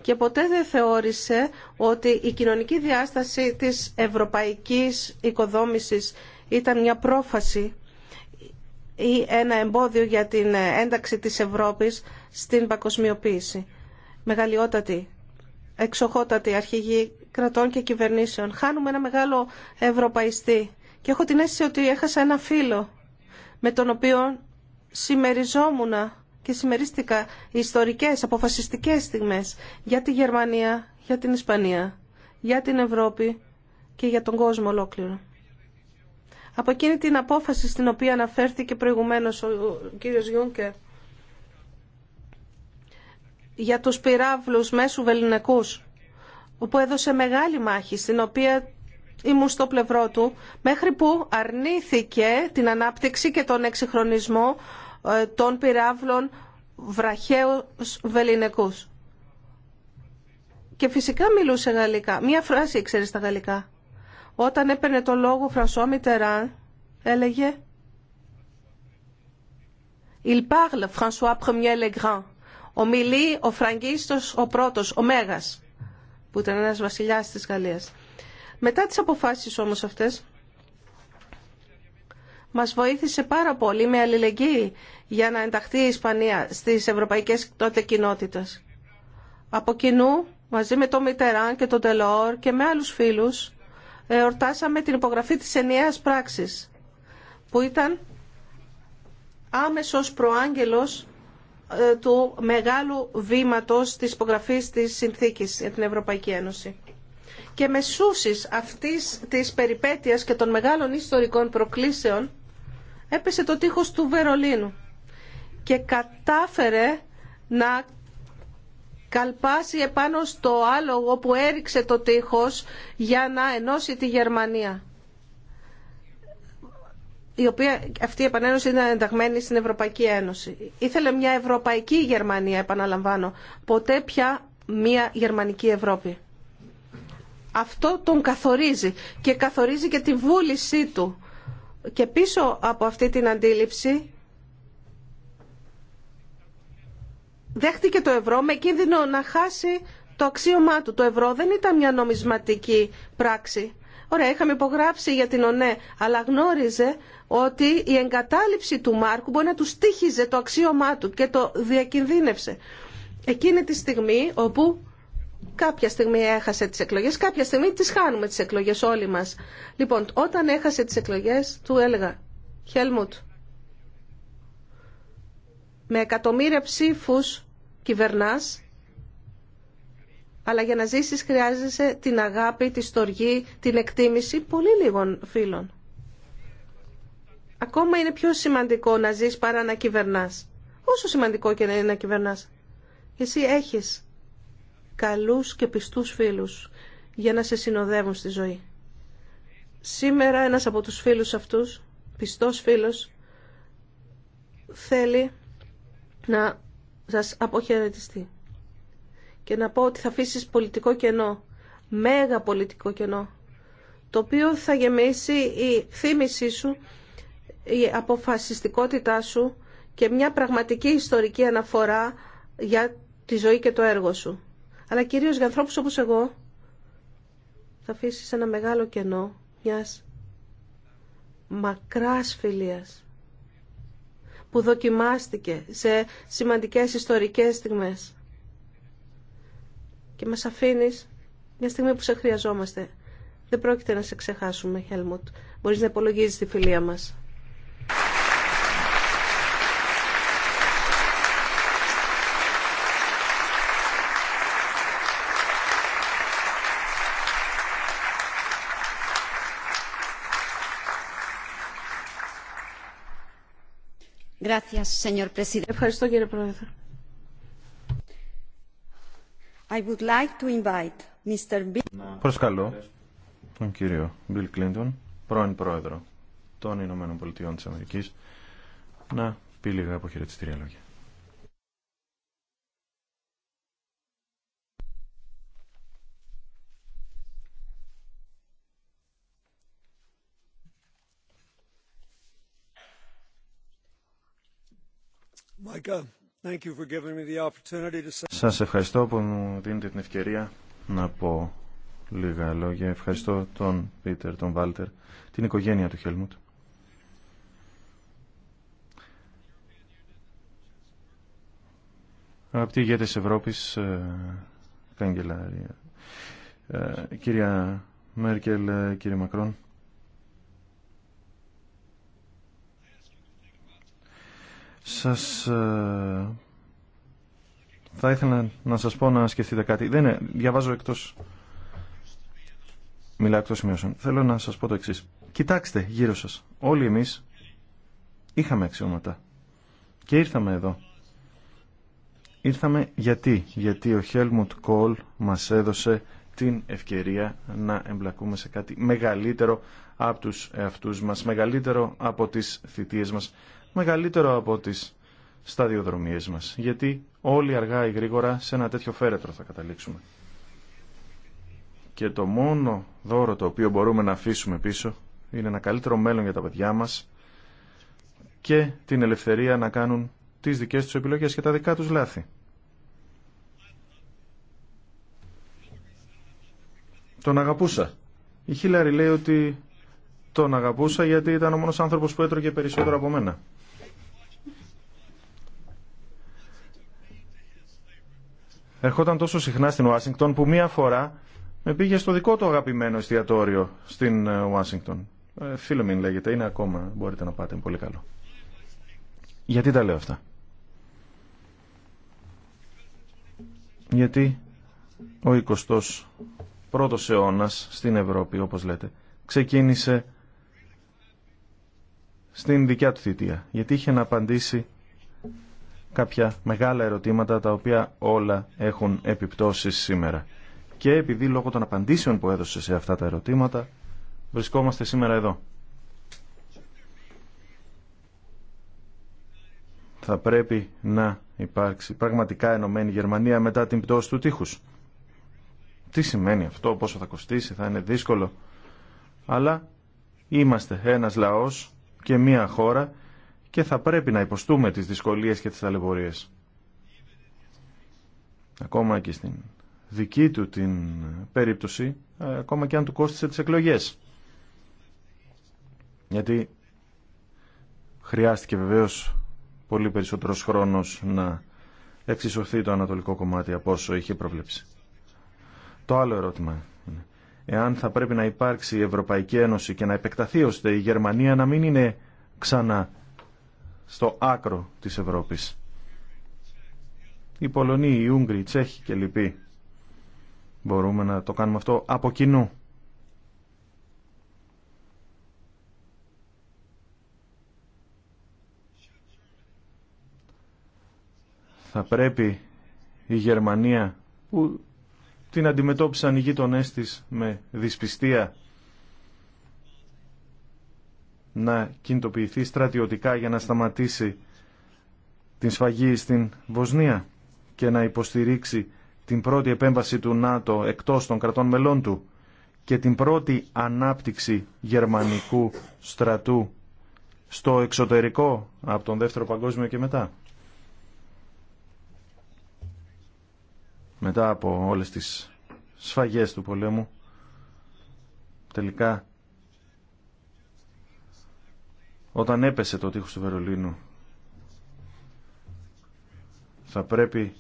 Και ποτέ δεν θεώρησε ότι η κοινωνική διάσταση της ευρωπαϊκής οικοδόμησης ήταν μια πρόφαση ή ένα εμπόδιο για την ένταξη της Ευρώπης στην πακοσμιοποίηση. Μεγαλειότατη, εξοχότατη αρχηγή κρατών και κυβερνήσεων. Χάνουμε ένα μεγάλο ευρωπαϊστή και έχω την αίσθηση ότι έχασα ένα φίλο με τον οποίο συμμεριζόμουν και συμμερίστηκα ιστορικές, αποφασιστικές στιγμές για τη Γερμανία, για την Ισπανία, για την Ευρώπη και για τον κόσμο ολόκληρο. Από εκείνη την απόφαση στην οποία αναφέρθηκε προηγουμένως ο κύριος Γιούνκερ για τους πυράβλους μέσου βεληνικούς, όπου έδωσε μεγάλη μάχη, στην οποία ήμουν στο πλευρό του μέχρι που αρνήθηκε την ανάπτυξη και τον εξυγχρονισμό ε, των πυράβλων βραχαίους βεληνικούς. Και φυσικά μιλούσε γαλλικά. Μία φράση ήξερε στα γαλλικά. Όταν έπαιρνε το λόγο Φρανσό Μιτεράν, έλεγε «Il parle François Premier Legrand». Ομιλεί ο Φραγκίστος ο πρώτος, ο Μέγας, που ήταν ένας βασιλιάς της Γαλλίας. Μετά τις αποφάσεις όμως αυτές, μας βοήθησε πάρα πολύ με αλληλεγγύη για να ενταχθεί η Ισπανία στις ευρωπαϊκές τότε κοινότητες. Από κοινού, μαζί με τον Μιτεράν και τον Τελόρ και με άλλους φίλους, εορτάσαμε την υπογραφή της ενιαίας πράξης, που ήταν άμεσος προάγγελος ε, του μεγάλου βήματος της υπογραφής της συνθήκης για την Ευρωπαϊκή Ένωση και μεσούσης αυτής της περιπέτειας και των μεγάλων ιστορικών προκλήσεων έπεσε το τείχος του Βερολίνου και κατάφερε να καλπάσει επάνω στο άλογο που έριξε το τείχος για να ενώσει τη Γερμανία η οποία αυτή η επανένωση είναι ενταγμένη στην Ευρωπαϊκή Ένωση. Ήθελε μια Ευρωπαϊκή Γερμανία, επαναλαμβάνω, ποτέ πια μια Γερμανική Ευρώπη. Αυτό τον καθορίζει και καθορίζει και τη βούλησή του. Και πίσω από αυτή την αντίληψη δέχτηκε το ευρώ με κίνδυνο να χάσει το αξίωμά του. Το ευρώ δεν ήταν μια νομισματική πράξη. Ωραία, είχαμε υπογράψει για την ΟΝΕ, αλλά γνώριζε ότι η εγκατάλειψη του Μάρκου μπορεί να του στήχιζε το αξίωμά του και το διακινδύνευσε. Εκείνη τη στιγμή όπου κάποια στιγμή έχασε τις εκλογές, κάποια στιγμή τις χάνουμε τις εκλογές όλοι μας. Λοιπόν, όταν έχασε τις εκλογές, του έλεγα, Χέλμουτ, με εκατομμύρια ψήφους κυβερνάς, αλλά για να ζήσεις χρειάζεσαι την αγάπη, τη στοργή, την εκτίμηση πολύ λίγων φίλων. Ακόμα είναι πιο σημαντικό να ζεις παρά να κυβερνάς. Όσο σημαντικό και να είναι να κυβερνάς. Εσύ έχεις καλούς και πιστούς φίλους για να σε συνοδεύουν στη ζωή. Σήμερα ένας από τους φίλους αυτούς, πιστός φίλος, θέλει να σας αποχαιρετιστεί και να πω ότι θα αφήσει πολιτικό κενό, μέγα πολιτικό κενό, το οποίο θα γεμίσει η θύμησή σου, η αποφασιστικότητά σου και μια πραγματική ιστορική αναφορά για τη ζωή και το έργο σου αλλά κυρίως για ανθρώπους όπως εγώ, θα αφήσει ένα μεγάλο κενό μιας μακράς φιλίας που δοκιμάστηκε σε σημαντικές ιστορικές στιγμές και μας αφήνεις μια στιγμή που σε χρειαζόμαστε. Δεν πρόκειται να σε ξεχάσουμε, Χέλμουτ. Μπορείς να υπολογίζεις τη φιλία μας. Ευχαριστώ κύριε Πρόεδρε. Προσκαλώ τον κύριο Μπιλ Κλίντον, πρώην πρόεδρο των Ηνωμένων Πολιτειών της Αμερικής, να πει λίγα αποχαιρετιστήρια λόγια. Σας ευχαριστώ που μου δίνετε την ευκαιρία να πω λίγα λόγια. Ευχαριστώ τον Πίτερ, τον Βάλτερ, την οικογένεια του Χέλμουτ. Αγαπητοί ηγέτες Ευρώπης, ε, καγκελάρια, ε, κυρία Μέρκελ, ε, κύριε Μακρόν, Σας... Ε, θα ήθελα να σας πω να σκεφτείτε κάτι. Δεν είναι, διαβάζω εκτός... Μιλάω εκτός σημείωσεων. Θέλω να σας πω το εξής. Κοιτάξτε γύρω σας. Όλοι εμείς είχαμε αξιώματα. Και ήρθαμε εδώ. Ήρθαμε γιατί. Γιατί ο Χέλμουντ Κόλ μας έδωσε την ευκαιρία να εμπλακούμε σε κάτι μεγαλύτερο από τους εαυτούς μας, μεγαλύτερο από τις θητείες μας, μεγαλύτερο από τις σταδιοδρομίες μας. Γιατί όλοι αργά ή γρήγορα σε ένα τέτοιο φέρετρο θα καταλήξουμε. Και το μόνο δώρο το οποίο μπορούμε να αφήσουμε πίσω είναι ένα καλύτερο μέλλον για τα παιδιά μας και την ελευθερία να κάνουν τις δικές τους επιλογές και τα δικά τους λάθη. Τον αγαπούσα. Η Χίλαρη λέει ότι τον αγαπούσα γιατί ήταν ο μόνος άνθρωπος που έτρωγε περισσότερο από μένα. ερχόταν τόσο συχνά στην Ουάσιγκτον που μία φορά με πήγε στο δικό του αγαπημένο εστιατόριο στην ε, Ουάσιγκτον. Ε, Φίλεμιν λέγεται, είναι ακόμα, μπορείτε να πάτε, είναι πολύ καλό. Γιατί τα λέω αυτά. Γιατί ο 21ος αιώνας στην Ευρώπη, όπως λέτε, ξεκίνησε στην δικιά του θητεία. Γιατί είχε να απαντήσει κάποια μεγάλα ερωτήματα τα οποία όλα έχουν επιπτώσεις σήμερα. Και επειδή λόγω των απαντήσεων που έδωσε σε αυτά τα ερωτήματα βρισκόμαστε σήμερα εδώ. Θα πρέπει να υπάρξει πραγματικά ενωμένη Γερμανία μετά την πτώση του τείχους. Τι σημαίνει αυτό, πόσο θα κοστίσει, θα είναι δύσκολο. Αλλά είμαστε ένας λαός και μία χώρα και θα πρέπει να υποστούμε τις δυσκολίες και τις ταλαιπωρίες. Ακόμα και στην δική του την περίπτωση, ε, ακόμα και αν του κόστισε τις εκλογές. Γιατί χρειάστηκε βεβαίως πολύ περισσότερος χρόνος να εξισωθεί το ανατολικό κομμάτι από όσο είχε προβλέψει. Το άλλο ερώτημα είναι, εάν θα πρέπει να υπάρξει η Ευρωπαϊκή Ένωση και να επεκταθεί ώστε η Γερμανία να μην είναι ξανά στο άκρο της Ευρώπης. Οι Πολωνοί, οι Ούγγροι, οι Τσέχοι και λοιποί. Μπορούμε να το κάνουμε αυτό από κοινού. Θα πρέπει η Γερμανία που την αντιμετώπισαν οι γείτονές της με δυσπιστία να κινητοποιηθεί στρατιωτικά για να σταματήσει την σφαγή στην Βοσνία και να υποστηρίξει την πρώτη επέμβαση του ΝΑΤΟ εκτός των κρατών μελών του και την πρώτη ανάπτυξη γερμανικού στρατού στο εξωτερικό από τον Δεύτερο Παγκόσμιο και μετά. Μετά από όλες τις σφαγές του πολέμου τελικά όταν έπεσε το τείχος του Βερολίνου θα πρέπει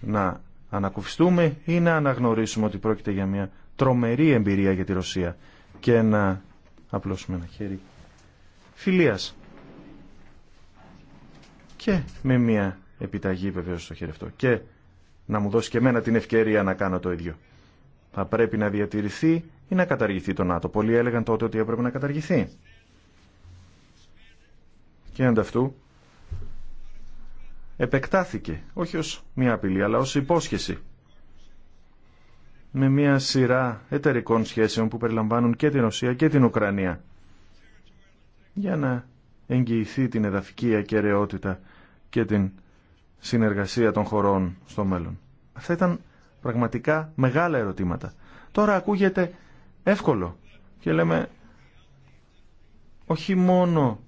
να ανακουφιστούμε ή να αναγνωρίσουμε ότι πρόκειται για μια τρομερή εμπειρία για τη Ρωσία και να απλώσουμε ένα χέρι φιλίας και με μια επιταγή βεβαίως στο χέρι αυτό και να μου δώσει και εμένα την ευκαιρία να κάνω το ίδιο. Θα πρέπει να διατηρηθεί ή να καταργηθεί το ΝΑΤΟ. Πολλοί έλεγαν τότε ότι έπρεπε να καταργηθεί και ανταυτού επεκτάθηκε, όχι ως μια απειλή, αλλά ως υπόσχεση με μια σειρά εταιρικών σχέσεων που περιλαμβάνουν και την Ρωσία και την Ουκρανία για να εγγυηθεί την εδαφική ακαιρεότητα και την συνεργασία των χωρών στο μέλλον. Αυτά ήταν πραγματικά μεγάλα ερωτήματα. Τώρα ακούγεται εύκολο και λέμε όχι μόνο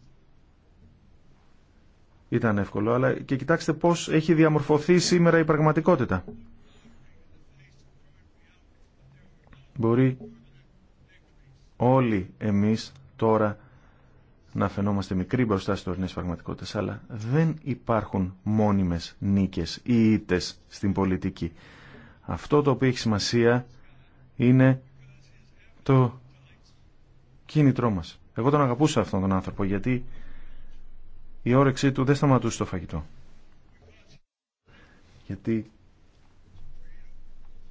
ήταν εύκολο, αλλά και κοιτάξτε πώς έχει διαμορφωθεί σήμερα η πραγματικότητα. Μπορεί όλοι εμείς τώρα να φαινόμαστε μικροί μπροστά στις τωρινές πραγματικότητες, αλλά δεν υπάρχουν μόνιμες νίκες ή ήττες στην πολιτική. Αυτό το οποίο έχει σημασία είναι το κίνητρό μας. Εγώ τον αγαπούσα αυτόν τον άνθρωπο γιατί η όρεξή του δεν σταματούσε το φαγητό. Γιατί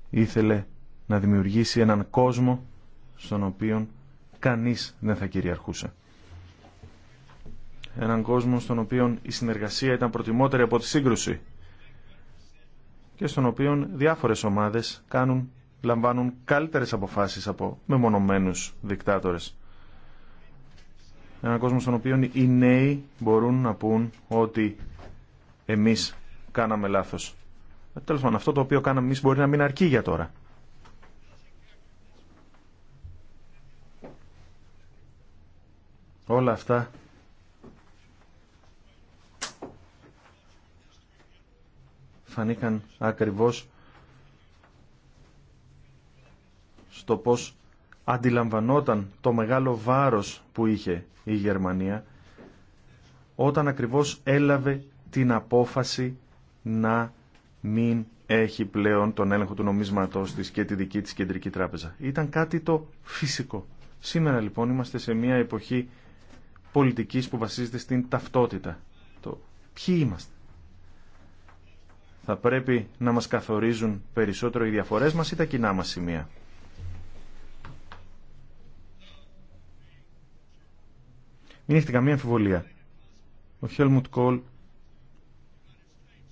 ήθελε να δημιουργήσει έναν κόσμο στον οποίο κανείς δεν θα κυριαρχούσε. Έναν κόσμο στον οποίο η συνεργασία ήταν προτιμότερη από τη σύγκρουση και στον οποίο διάφορες ομάδες κάνουν, λαμβάνουν καλύτερες αποφάσεις από μεμονωμένους δικτάτορες ένα κόσμο στον οποίο οι νέοι μπορούν να πούν ότι εμείς κάναμε λάθος. Τέλο πάντων, αυτό το οποίο κάναμε εμείς μπορεί να μην αρκεί για τώρα. Όλα αυτά φανήκαν ακριβώς στο πώς αντιλαμβανόταν το μεγάλο βάρος που είχε η Γερμανία όταν ακριβώς έλαβε την απόφαση να μην έχει πλέον τον έλεγχο του νομίσματός της και τη δική της κεντρική τράπεζα. Ήταν κάτι το φυσικό. Σήμερα λοιπόν είμαστε σε μια εποχή πολιτικής που βασίζεται στην ταυτότητα. Το ποιοι είμαστε. Θα πρέπει να μας καθορίζουν περισσότερο οι διαφορές μας ή τα κοινά μας σημεία. Μην έχετε καμία αμφιβολία. Ο Χέλμουντ Κόλ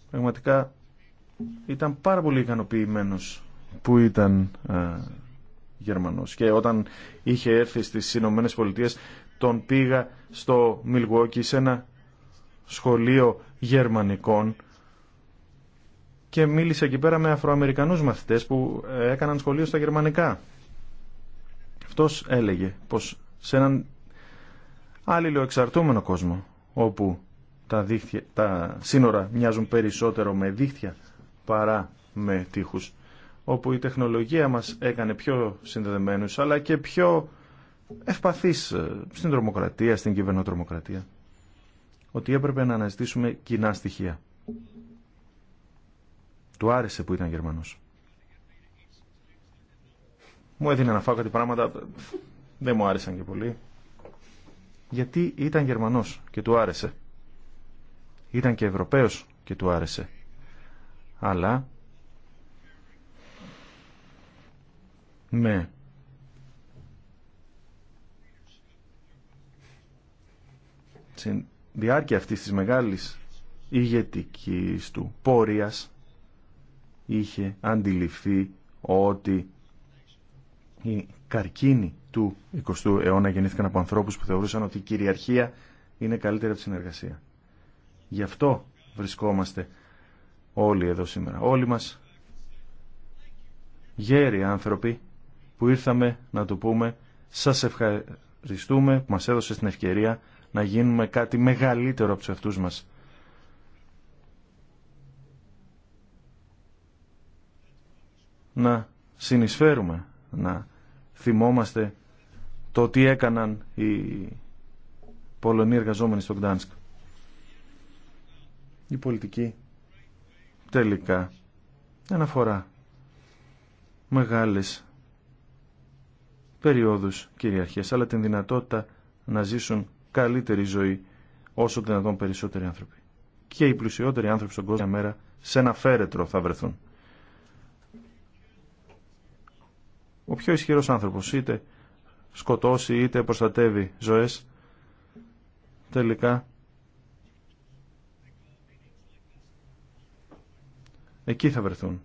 πραγματικά ήταν πάρα πολύ ικανοποιημένος που ήταν α, ε, Γερμανός. Και όταν είχε έρθει στις Ηνωμένε Πολιτείες τον πήγα στο Μιλγουόκι σε ένα σχολείο γερμανικών και μίλησε εκεί πέρα με Αφροαμερικανούς μαθητές που έκαναν σχολείο στα γερμανικά. Αυτός έλεγε πως σε έναν εξαρτούμενο κόσμο, όπου τα, δίχτυα, τα σύνορα μοιάζουν περισσότερο με δίχτυα παρά με τείχους, όπου η τεχνολογία μας έκανε πιο συνδεδεμένους, αλλά και πιο ευπαθείς ε, στην τρομοκρατία, στην κυβερνοτρομοκρατία, ότι έπρεπε να αναζητήσουμε κοινά στοιχεία. Του άρεσε που ήταν Γερμανός. Μου έδινε να φάω κάτι πράγματα, δεν μου άρεσαν και πολύ γιατί ήταν Γερμανός και του άρεσε. Ήταν και Ευρωπαίος και του άρεσε. Αλλά με στην διάρκεια αυτής της μεγάλης ηγετικής του πόριας είχε αντιληφθεί ότι η καρκίνη του 20ου αιώνα γεννήθηκαν από ανθρώπου που θεωρούσαν ότι η κυριαρχία είναι καλύτερη από τη συνεργασία. Γι' αυτό βρισκόμαστε όλοι εδώ σήμερα. Όλοι μας γέροι άνθρωποι που ήρθαμε να το πούμε σας ευχαριστούμε που μας έδωσε την ευκαιρία να γίνουμε κάτι μεγαλύτερο από τους αυτούς μας. Να συνεισφέρουμε, να θυμόμαστε το τι έκαναν οι Πολωνοί εργαζόμενοι στο Γκτάνσκ. Η πολιτική τελικά αναφορά μεγάλες περιόδους κυριαρχίας, αλλά την δυνατότητα να ζήσουν καλύτερη ζωή όσο δυνατόν περισσότεροι άνθρωποι. Και οι πλουσιότεροι άνθρωποι στον κόσμο μέρα σε ένα φέρετρο θα βρεθούν. Ο πιο ισχυρός άνθρωπος είτε σκοτώσει είτε προστατεύει ζωές τελικά εκεί θα βρεθούν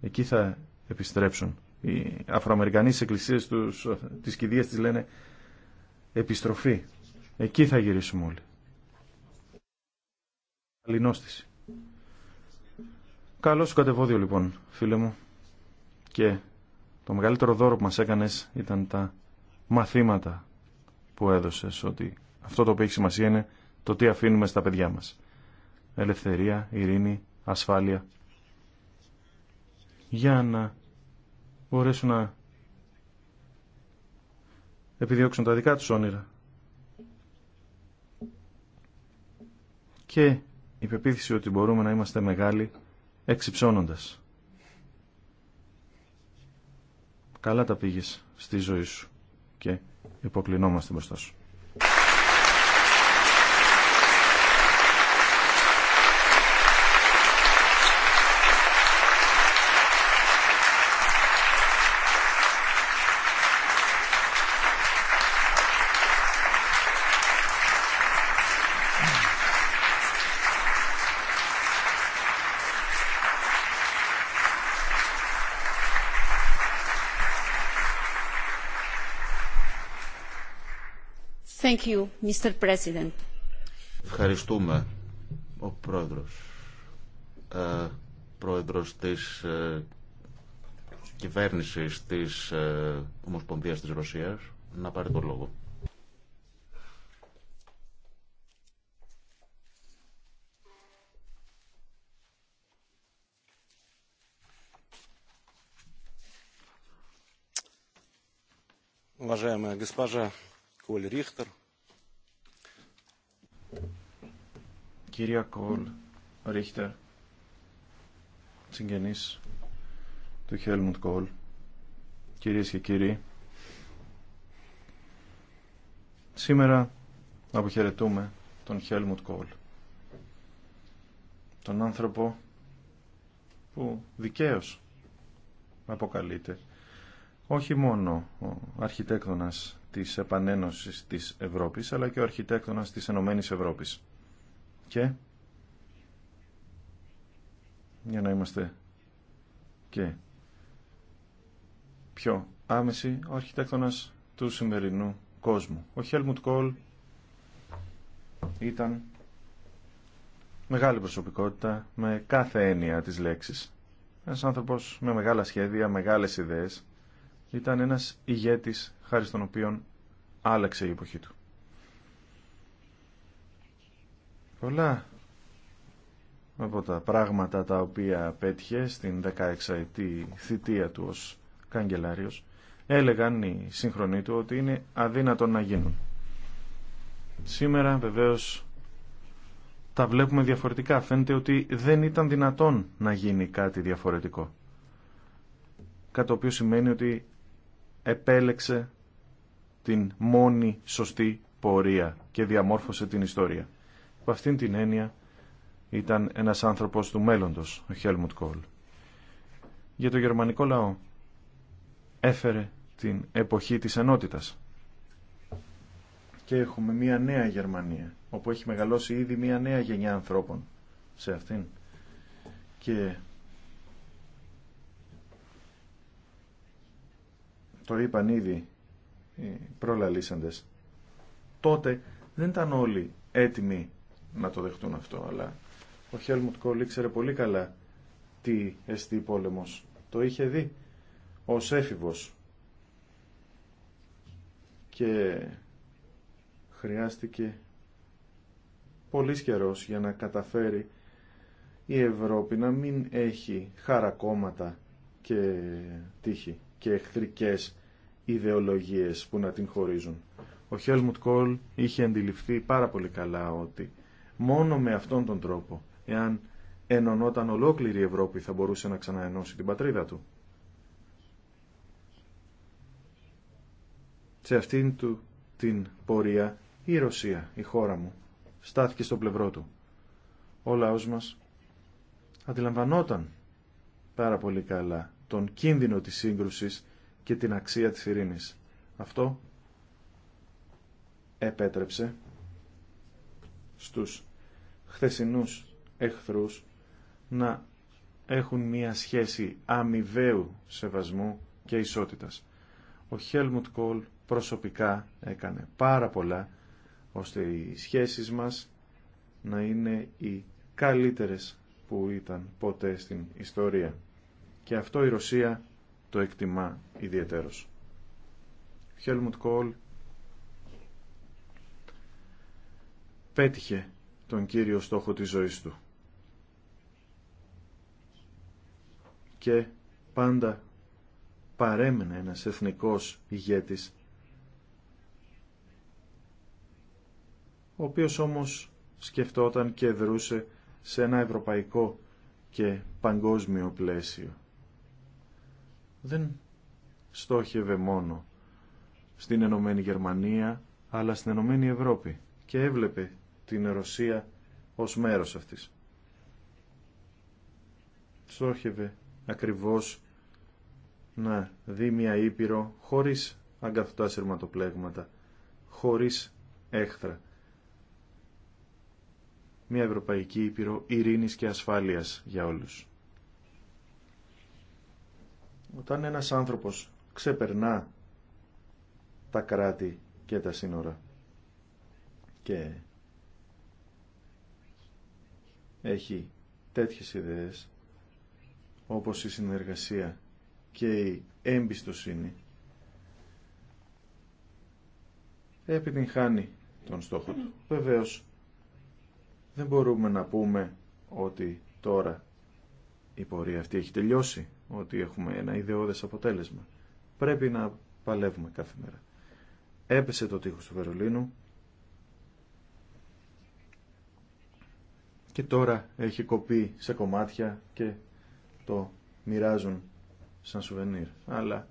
εκεί θα επιστρέψουν οι Αφροαμερικανείς εκκλησίες τους, τις κηδείες τις λένε επιστροφή εκεί θα γυρίσουμε όλοι Αλινόστηση. καλώς σου κατεβόδιο λοιπόν φίλε μου και το μεγαλύτερο δώρο που μας έκανες ήταν τα μαθήματα που έδωσες, ότι αυτό το οποίο έχει σημασία είναι το τι αφήνουμε στα παιδιά μας. Ελευθερία, ειρήνη, ασφάλεια. Για να μπορέσουν να επιδιώξουν τα δικά τους όνειρα. Και η πεποίθηση ότι μπορούμε να είμαστε μεγάλοι εξυψώνοντας. Καλά τα πήγες στη ζωή σου και υποκλεινόμαστε μπροστά σου. Thank you, Mr. President. Ευχαριστούμε, ο πρόεδρος, ε, πρόεδρος της ε, κυβέρνησης της ε, Ομοσπονδίας της Ρωσίας, να πάρει το λόγο. Уважаемая госпожа Коль Рихтер, κυρία Κόλ Ρίχτερ, συγγενής του Χέλμουντ Κόλ, κυρίες και κύριοι, σήμερα αποχαιρετούμε τον Χέλμουντ Κόλ, τον άνθρωπο που δικαίως αποκαλείται όχι μόνο ο αρχιτέκτονας της επανένωσης της Ευρώπης, αλλά και ο αρχιτέκτονας της Ενωμένης Ευρώπης και για να είμαστε και πιο άμεση ο αρχιτέκτονας του σημερινού κόσμου. Ο Χέλμουτ Κόλ ήταν μεγάλη προσωπικότητα με κάθε έννοια της λέξης. Ένας άνθρωπος με μεγάλα σχέδια, μεγάλες ιδέες. Ήταν ένας ηγέτης χάρη στον οποίον άλλαξε η εποχή του. Πολλά από τα πράγματα τα οποία πέτυχε στην 16η θητεία του ως καγκελάριος έλεγαν οι σύγχρονοί του ότι είναι αδύνατον να γίνουν. Σήμερα βεβαίως τα βλέπουμε διαφορετικά. Φαίνεται ότι δεν ήταν δυνατόν να γίνει κάτι διαφορετικό. Κατά το οποίο σημαίνει ότι επέλεξε την μόνη σωστή πορεία και διαμόρφωσε την ιστορία. Από αυτήν την έννοια ήταν ένας άνθρωπος του μέλλοντος, ο Χέλμουντ Κόλ. Για το γερμανικό λαό έφερε την εποχή της ενότητας. Και έχουμε μια νέα Γερμανία, όπου έχει μεγαλώσει ήδη μια νέα γενιά ανθρώπων σε αυτήν. Και το είπαν ήδη οι προλαλήσαντες. Τότε δεν ήταν όλοι έτοιμοι να το δεχτούν αυτό, αλλά ο Χέλμουτ Κόλ ήξερε πολύ καλά τι εστί πόλεμος. Το είχε δει ως έφηβος και χρειάστηκε πολύ καιρός για να καταφέρει η Ευρώπη να μην έχει χαρακόμματα και τύχη και εχθρικές ιδεολογίες που να την χωρίζουν. Ο Χέλμουτ Κόλ είχε αντιληφθεί πάρα πολύ καλά ότι Μόνο με αυτόν τον τρόπο, εάν ενωνόταν ολόκληρη η Ευρώπη, θα μπορούσε να ξαναενώσει την πατρίδα του. Σε αυτήν του την πορεία η Ρωσία, η χώρα μου, στάθηκε στο πλευρό του. Ο λαός μας αντιλαμβανόταν πάρα πολύ καλά τον κίνδυνο της σύγκρουσης και την αξία της ειρήνης. Αυτό επέτρεψε στους χθεσινούς εχθρούς να έχουν μία σχέση αμοιβαίου σεβασμού και ισότητας. Ο Χέλμουτ Κόλ προσωπικά έκανε πάρα πολλά ώστε οι σχέσεις μας να είναι οι καλύτερες που ήταν ποτέ στην ιστορία. Και αυτό η Ρωσία το εκτιμά ιδιαίτερος. Χέλμουτ Κόλ πέτυχε τον κύριο στόχο της ζωής του. Και πάντα παρέμενε ένας εθνικός ηγέτης, ο οποίος όμως σκεφτόταν και δρούσε σε ένα ευρωπαϊκό και παγκόσμιο πλαίσιο. Δεν στόχευε μόνο στην Ενωμένη Γερμανία, αλλά στην Ενωμένη Ευρώπη και έβλεπε την Ρωσία ως μέρος αυτής. Στόχευε ακριβώς να δει μια Ήπειρο χωρίς αγκαθωτά σειρματοπλέγματα, χωρίς έχθρα. Μια Ευρωπαϊκή Ήπειρο ειρήνης και ασφάλειας για όλους. Όταν ένας άνθρωπος ξεπερνά τα κράτη και τα σύνορα και έχει τέτοιες ιδέες όπως η συνεργασία και η εμπιστοσύνη επιτυγχάνει τον στόχο του. Βεβαίως δεν μπορούμε να πούμε ότι τώρα η πορεία αυτή έχει τελειώσει, ότι έχουμε ένα ιδεώδες αποτέλεσμα. Πρέπει να παλεύουμε κάθε μέρα. Έπεσε το τείχος του Βερολίνου, και τώρα έχει κοπεί σε κομμάτια και το μοιράζουν σαν σουβενίρ. Αλλά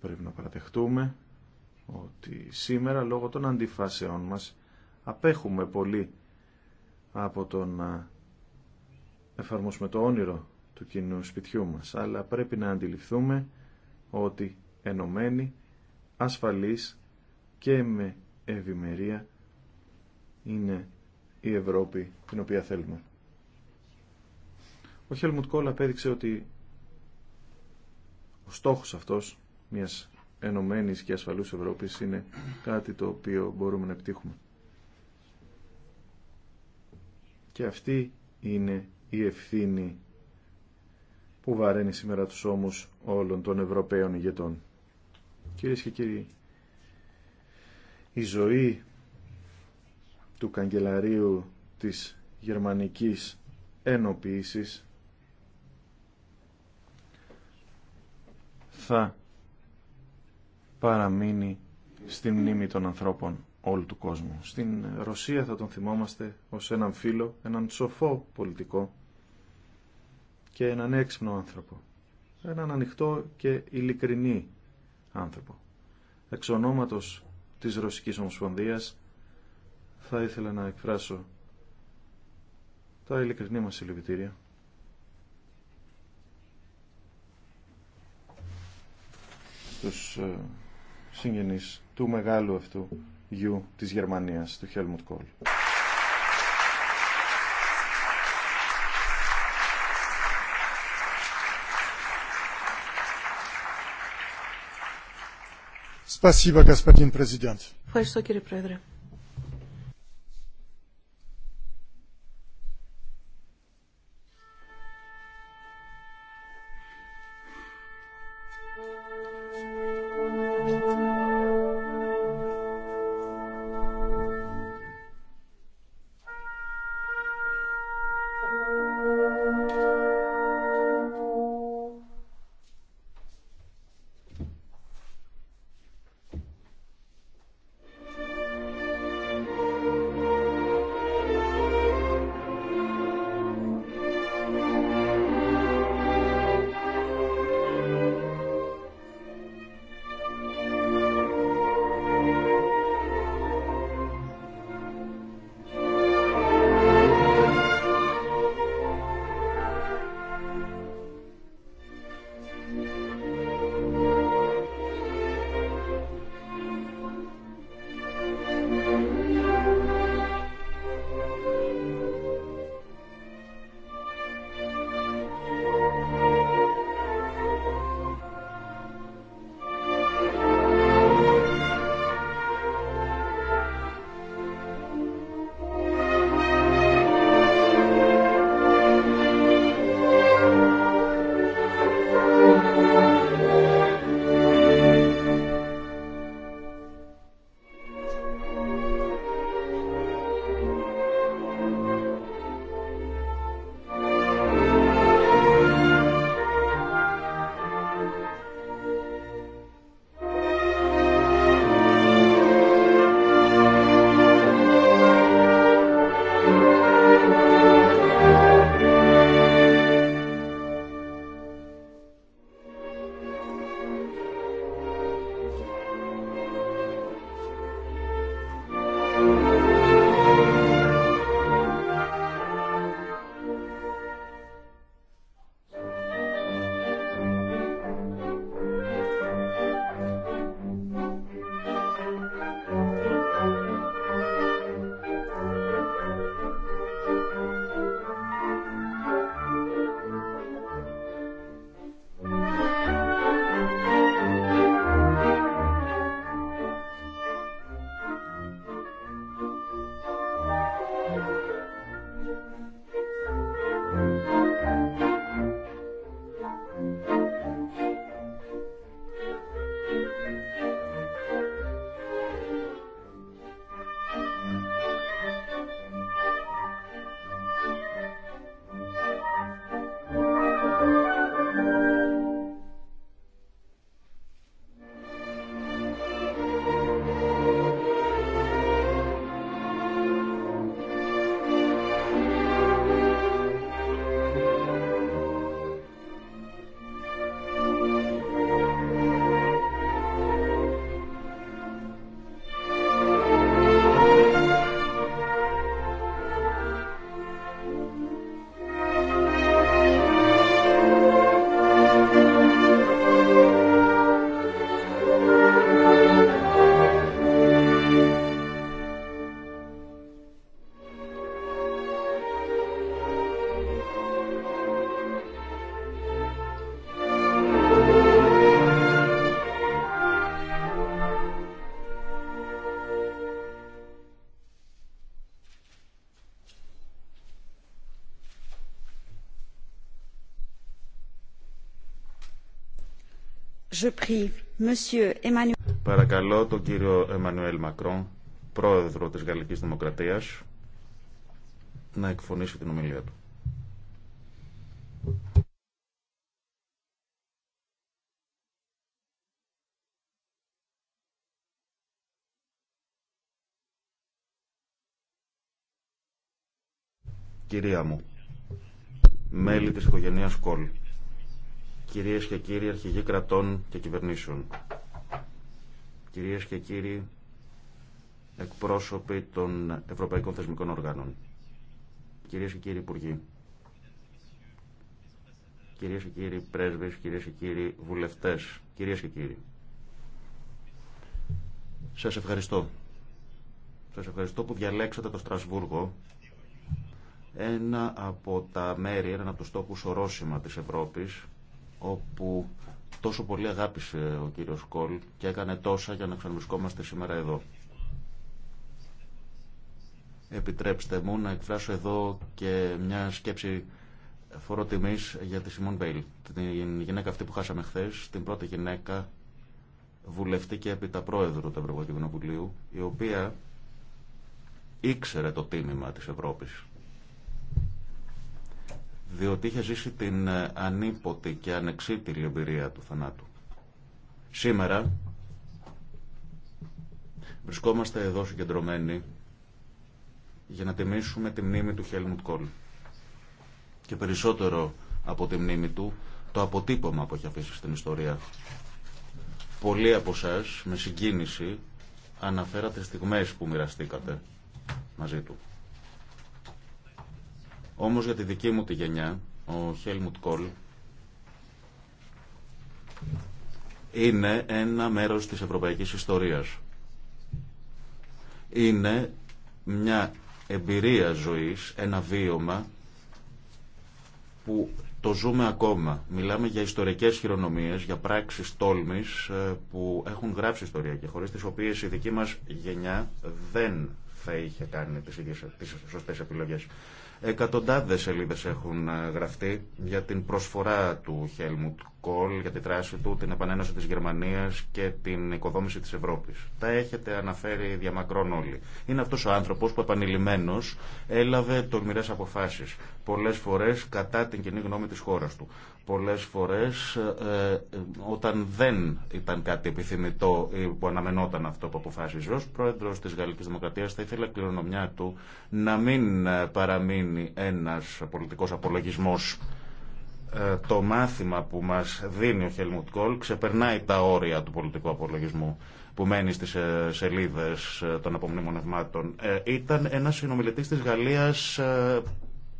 πρέπει να παρατεχτούμε ότι σήμερα λόγω των αντιφάσεών μας απέχουμε πολύ από το να εφαρμόσουμε το όνειρο του κοινού σπιτιού μας, αλλά πρέπει να αντιληφθούμε ότι ενωμένοι, ασφαλείς και με ευημερία είναι η Ευρώπη την οποία θέλουμε. Ο Χέλμουτ Κόλ απέδειξε ότι ο στόχος αυτός μιας ενωμένης και ασφαλούς Ευρώπης είναι κάτι το οποίο μπορούμε να επιτύχουμε. Και αυτή είναι η ευθύνη που βαραίνει σήμερα τους ώμους όλων των Ευρωπαίων ηγετών. Κυρίες και κύριοι, η ζωή του καγκελαρίου της γερμανικής ενοποίησης θα παραμείνει στην μνήμη των ανθρώπων όλου του κόσμου. Στην Ρωσία θα τον θυμόμαστε ως έναν φίλο, έναν σοφό πολιτικό και έναν έξυπνο άνθρωπο. Έναν ανοιχτό και ειλικρινή άνθρωπο. Εξ ονόματος της Ρωσικής Ομοσπονδίας θα ήθελα να εκφράσω τα ειλικρινή μας συλληπιτήρια. Στους ε, συγγενείς του μεγάλου αυτού γιου της Γερμανίας, του Χέλμουτ Κόλ. Ευχαριστώ κύριε Πρόεδρε. Παρακαλώ τον κύριο Εμμανουέλ Μακρόν, πρόεδρο της Γαλλικής Δημοκρατίας, να εκφωνήσει την ομιλία του. Κυρία μου, μέλη της οικογένειας Κόλ. Κυρίες και κύριοι αρχηγοί κρατών και κυβερνήσεων, κυρίες και κύριοι εκπρόσωποι των Ευρωπαϊκών Θεσμικών Οργάνων, κυρίες και κύριοι υπουργοί, κυρίες και κύριοι πρέσβεις, κυρίες και κύριοι βουλευτές, κυρίες και κύριοι. Σας ευχαριστώ. Σας ευχαριστώ που διαλέξατε το Στρασβούργο ένα από τα μέρη, ένα από τους τόπους ορόσημα της Ευρώπης όπου τόσο πολύ αγάπησε ο κύριος Κόλ και έκανε τόσα για να ξαναβρισκόμαστε σήμερα εδώ. Επιτρέψτε μου να εκφράσω εδώ και μια σκέψη φορό για τη Σιμών Βέιλ. την γυναίκα αυτή που χάσαμε χθε, την πρώτη γυναίκα βουλευτή και έπειτα πρόεδρο του Ευρωπαϊκού Κοινοβουλίου, η οποία ήξερε το τίμημα της Ευρώπης διότι είχε ζήσει την ε, ανίποτη και ανεξίτηλη εμπειρία του θανάτου. Σήμερα βρισκόμαστε εδώ συγκεντρωμένοι για να τιμήσουμε τη μνήμη του Χέλμουντ Κόλ. Και περισσότερο από τη μνήμη του, το αποτύπωμα που έχει αφήσει στην ιστορία. Πολλοί από εσά με συγκίνηση αναφέρατε στιγμές που μοιραστήκατε μαζί του. Όμως για τη δική μου τη γενιά, ο Χέλμουτ Κόλ είναι ένα μέρος της ευρωπαϊκής ιστορίας. Είναι μια εμπειρία ζωής, ένα βίωμα που το ζούμε ακόμα. Μιλάμε για ιστορικές χειρονομίες, για πράξεις τόλμης ε, που έχουν γράψει ιστορία και χωρίς τις οποίες η δική μας γενιά δεν θα είχε κάνει τις, τις σωστές επιλογές. Εκατοντάδες σελίδες έχουν ε, γραφτεί για την προσφορά του Χέλμουτ Κόλ, για τη δράση του, την επανένωση της Γερμανίας και την οικοδόμηση της Ευρώπης. Τα έχετε αναφέρει διαμακρών όλοι. Είναι αυτός ο άνθρωπος που επανειλημμένος έλαβε τολμηρές αποφάσεις, πολλές φορές κατά την κοινή γνώμη της χώρας του. Πολλές φορές ε, ε, όταν δεν ήταν κάτι επιθυμητό ή που αναμενόταν αυτό που αποφάσιζε ως πρόεδρος της Γαλλικής Δημοκρατίας θα ήθελε κληρονομιά του να μην ε, παραμείνει ένας πολιτικός απολογισμός το μάθημα που μας δίνει ο Χέλμουτ Κόλ ξεπερνάει τα όρια του πολιτικού απολογισμού που μένει στις σελίδες των απομνημονευμάτων. Ήταν ένας συνομιλητής της Γαλλίας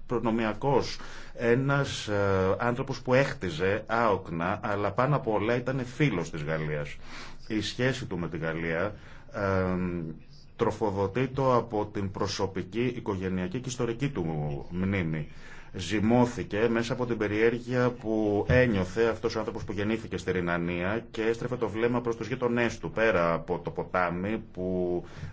προνομιακός ένας ε, άνθρωπος που έχτιζε άοκνα, αλλά πάνω από όλα ήταν φίλος της Γαλλίας. Η σχέση του με τη Γαλλία τροφοδοτεί το από την προσωπική, οικογενειακή και ιστορική του μνήμη ζυμώθηκε μέσα από την περιέργεια που ένιωθε αυτός ο άνθρωπο που γεννήθηκε στη Ρινανία και έστρεφε το βλέμμα προς του γειτονέ του πέρα από το ποτάμι που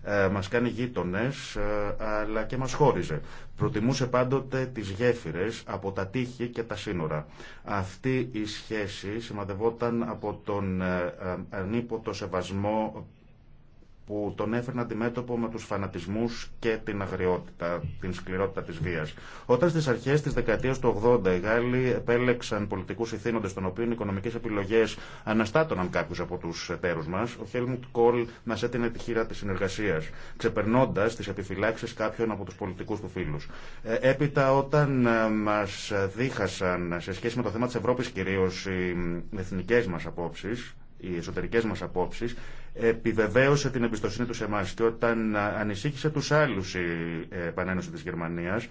ε, μας κάνει γείτονες ε, αλλά και μας χώριζε. Προτιμούσε πάντοτε τις γέφυρες από τα τείχη και τα σύνορα. Αυτή η σχέση σημαδευόταν από τον ε, ανίποτο σεβασμό που τον έφερνε αντιμέτωπο με τους φανατισμούς και την αγριότητα, την σκληρότητα της βίας. Όταν στις αρχές της δεκαετίας του 80 οι Γάλλοι επέλεξαν πολιτικούς ηθήνοντες των οποίων οι οικονομικές επιλογές αναστάτωναν κάποιους από τους εταίρους μας, ο Χέλμουτ Κόλ μας έτεινε τη χείρα της συνεργασίας, ξεπερνώντας τις επιφυλάξεις κάποιων από τους πολιτικούς του φίλους. Ε, έπειτα όταν ε, μας δίχασαν σε σχέση με το θέμα της Ευρώπης κυρίως οι εθνικές μας απόψεις, οι εσωτερικέ μα απόψει, επιβεβαίωσε την εμπιστοσύνη του σε εμά. και όταν ανησύχησε του άλλου η ε, επανένωση τη Γερμανία,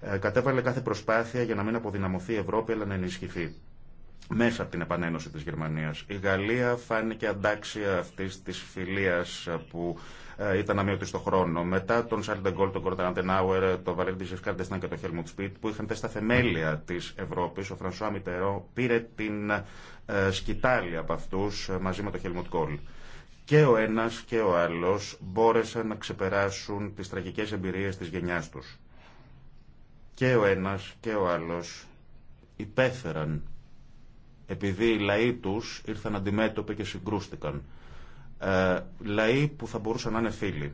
ε, κατέβαλε κάθε προσπάθεια για να μην αποδυναμωθεί η Ευρώπη αλλά να ενισχυθεί μέσα από την επανένωση της Γερμανίας. Η Γαλλία φάνηκε αντάξια αυτής της φιλίας που ε, ήταν αμύωτη στο χρόνο. Μετά τον Σάρλ Ντεγκόλ, τον Κορτάν τον Βαλέντι Ζεσκάρντεσταν και τον Χέλμουντ Σπίτ που είχαν τα θεμέλια της Ευρώπης, ο Φρανσουά Μιτερό πήρε την ε, σκητάλη από αυτούς ε, μαζί με τον Χελμουτ Κόλ. Και ο ένας και ο άλλος μπόρεσαν να ξεπεράσουν τις τραγικές εμπειρίες της γενιάς τους. Και ο ένας και ο άλλος υπέφεραν επειδή οι λαοί τους ήρθαν αντιμέτωποι και συγκρούστηκαν. Ε, λαοί που θα μπορούσαν να είναι φίλοι.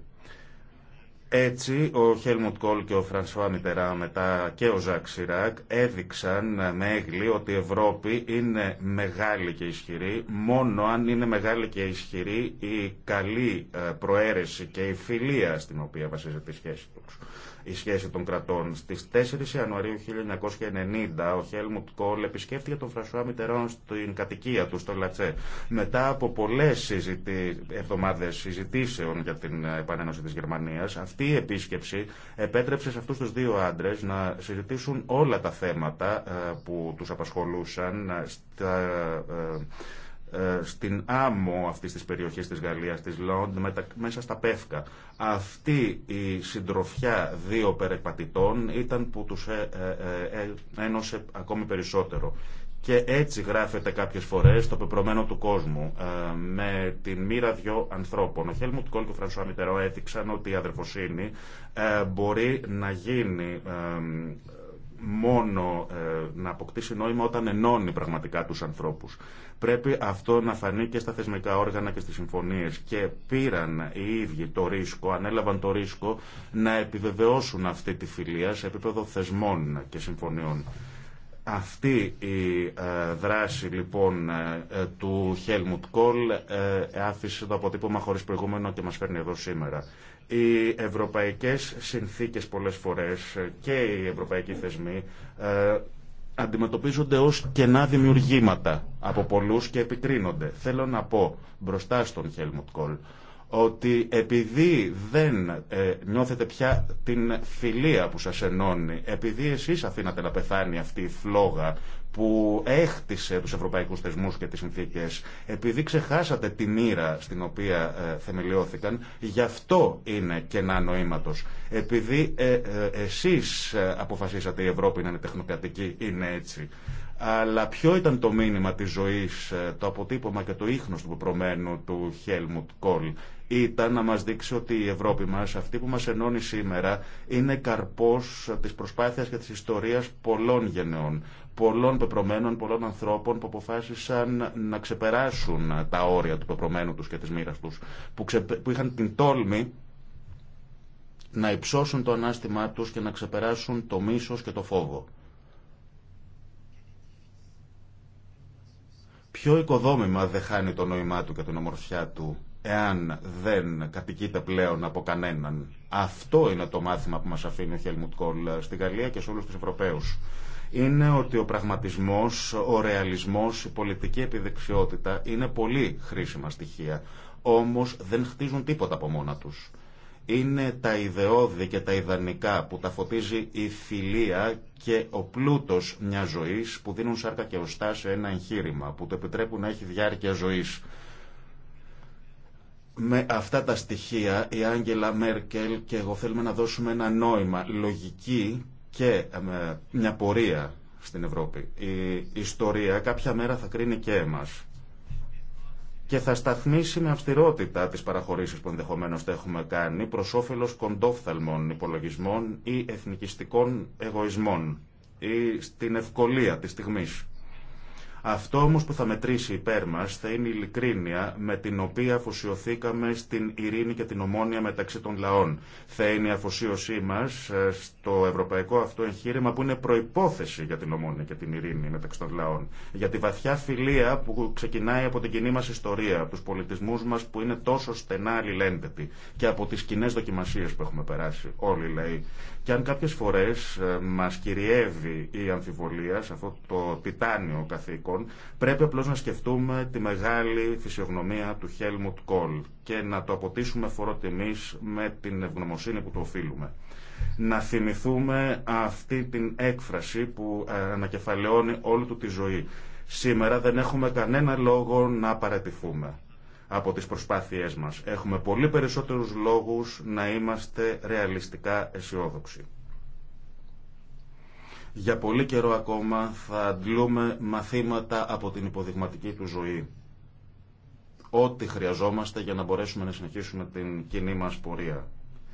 Έτσι, ο Χέλμουντ Κόλ και ο Φρανσουά Μιτερά μετά και ο Ζακ Σιράκ έδειξαν με έγκλη ότι η Ευρώπη είναι μεγάλη και ισχυρή. Μόνο αν είναι μεγάλη και ισχυρή η καλή ε, προαίρεση και η φιλία στην οποία βασίζεται η σχέση τους η σχέση των κρατών. Στις 4 Ιανουαρίου 1990 ο Χέλμουτ Κόλ επισκέφθηκε τον Φρασουά Μιτερόν στην κατοικία του στο Λατσέ. Μετά από πολλές συζητή... εβδομάδες συζητήσεων για την επανένωση της Γερμανίας, αυτή η επίσκεψη επέτρεψε σε αυτούς τους δύο άντρες να συζητήσουν όλα τα θέματα ε, που τους απασχολούσαν ε, στα ε, ε, στην άμμο αυτής της περιοχής της Γαλλίας, της Λόντ, μέσα στα Πεύκα. Αυτή η συντροφιά δύο περεπατητών ήταν που τους ε, ε, ένωσε ακόμη περισσότερο. Και έτσι γράφεται κάποιες φορές το πεπρωμένο του κόσμου, με την μοίρα δυο ανθρώπων. Ο Χέλμουτ Κόλ και ο Φρανσουά Μιτερό έδειξαν ότι η αδερφοσύνη μπορεί να γίνει μόνο ε, να αποκτήσει νόημα όταν ενώνει πραγματικά τους ανθρώπους. Πρέπει αυτό να φανεί και στα θεσμικά όργανα και στις συμφωνίες. Και πήραν οι ίδιοι το ρίσκο, ανέλαβαν το ρίσκο να επιβεβαιώσουν αυτή τη φιλία σε επίπεδο θεσμών και συμφωνιών. Αυτή η ε, δράση λοιπόν ε, του Helmut Kohl άφησε το αποτύπωμα χωρίς προηγούμενο και μας φέρνει εδώ σήμερα. Οι ευρωπαϊκές συνθήκες πολλές φορές και οι ευρωπαϊκοί θεσμοί ε, αντιμετωπίζονται ως κενά δημιουργήματα από πολλούς και επικρίνονται. Θέλω να πω μπροστά στον Χέλμουτ Κόλ ότι επειδή δεν ε, νιώθετε πια την φιλία που σας ενώνει, επειδή εσείς αφήνατε να πεθάνει αυτή η φλόγα που έχτισε τους ευρωπαϊκούς θεσμούς και τις συνθήκες. Επειδή ξεχάσατε τη μοίρα στην οποία ε, θεμελιώθηκαν, γι' αυτό είναι κενά νοήματος. Επειδή ε, ε εσείς ε, αποφασίσατε η Ευρώπη να είναι τεχνοκρατική, είναι έτσι. Αλλά ποιο ήταν το μήνυμα της ζωής, το αποτύπωμα και το ίχνος του προμένου του Χέλμουτ Κόλ ήταν να μας δείξει ότι η Ευρώπη μας, αυτή που μας ενώνει σήμερα, είναι καρπός της προσπάθειας και της ιστορίας πολλών γενεών πολλών πεπρωμένων, πολλών ανθρώπων που αποφάσισαν να ξεπεράσουν τα όρια του πεπρωμένου τους και της μοίρας τους, που, που είχαν την τόλμη να υψώσουν το ανάστημά τους και να ξεπεράσουν το μίσος και το φόβο. Ποιο οικοδόμημα δεν χάνει το νόημά του και την ομορφιά του εάν δεν κατοικείται πλέον από κανέναν. Αυτό είναι το μάθημα που μας αφήνει ο Χέλμουτ Κόλ ε, στη Γαλλία και σε όλους τους Ευρωπαίους είναι ότι ο πραγματισμός, ο ρεαλισμός, η πολιτική επιδεξιότητα είναι πολύ χρήσιμα στοιχεία, όμως δεν χτίζουν τίποτα από μόνα τους. Είναι τα ιδεώδη και τα ιδανικά που τα φωτίζει η φιλία και ο πλούτος μια ζωής που δίνουν σάρκα και οστά σε ένα εγχείρημα, που το επιτρέπουν να έχει διάρκεια ζωής. Με αυτά τα στοιχεία η Άγγελα Μέρκελ και εγώ θέλουμε να δώσουμε ένα νόημα λογική και ε, μια πορεία στην Ευρώπη. Η ιστορία κάποια μέρα θα κρίνει και εμάς και θα σταθμίσει με αυστηρότητα τις παραχωρήσεις που ενδεχομένως τα έχουμε κάνει προς όφελος κοντόφθαλμων υπολογισμών ή εθνικιστικών εγωισμών ή στην ευκολία της στιγμής. Αυτό όμω που θα μετρήσει υπέρ μα θα είναι η ειλικρίνεια με την οποία αφοσιωθήκαμε στην ειρήνη και την ομόνια μεταξύ των λαών. Θα είναι η αφοσίωσή μα ε, στο ευρωπαϊκό αυτό εγχείρημα που είναι προπόθεση για την ομόνια και την ειρήνη μεταξύ των λαών. Για τη βαθιά φιλία που ξεκινάει από την κοινή μα ιστορία, από του πολιτισμού μα που είναι τόσο στενά αλληλένδετοι και από τι κοινέ δοκιμασίε που έχουμε περάσει όλοι λέει. Και αν κάποιε φορέ ε, μα κυριεύει η αμφιβολία σε αυτό το τιτάνιο καθήκον, Λοιπόν, πρέπει απλώ να σκεφτούμε τη μεγάλη φυσιογνωμία του Χέλμουτ Κόλ και να το αποτίσουμε φορό με την ευγνωμοσύνη που του οφείλουμε. Να θυμηθούμε αυτή την έκφραση που ε, ανακεφαλαιώνει όλη του τη ζωή. Σήμερα δεν έχουμε κανένα λόγο να παρατηθούμε από τις προσπάθειές μας. Έχουμε πολύ περισσότερους λόγους να είμαστε ρεαλιστικά αισιόδοξοι. Για πολύ καιρό ακόμα θα αντλούμε μαθήματα από την υποδειγματική του ζωή. Ό,τι χρειαζόμαστε για να μπορέσουμε να συνεχίσουμε την κοινή μας πορεία.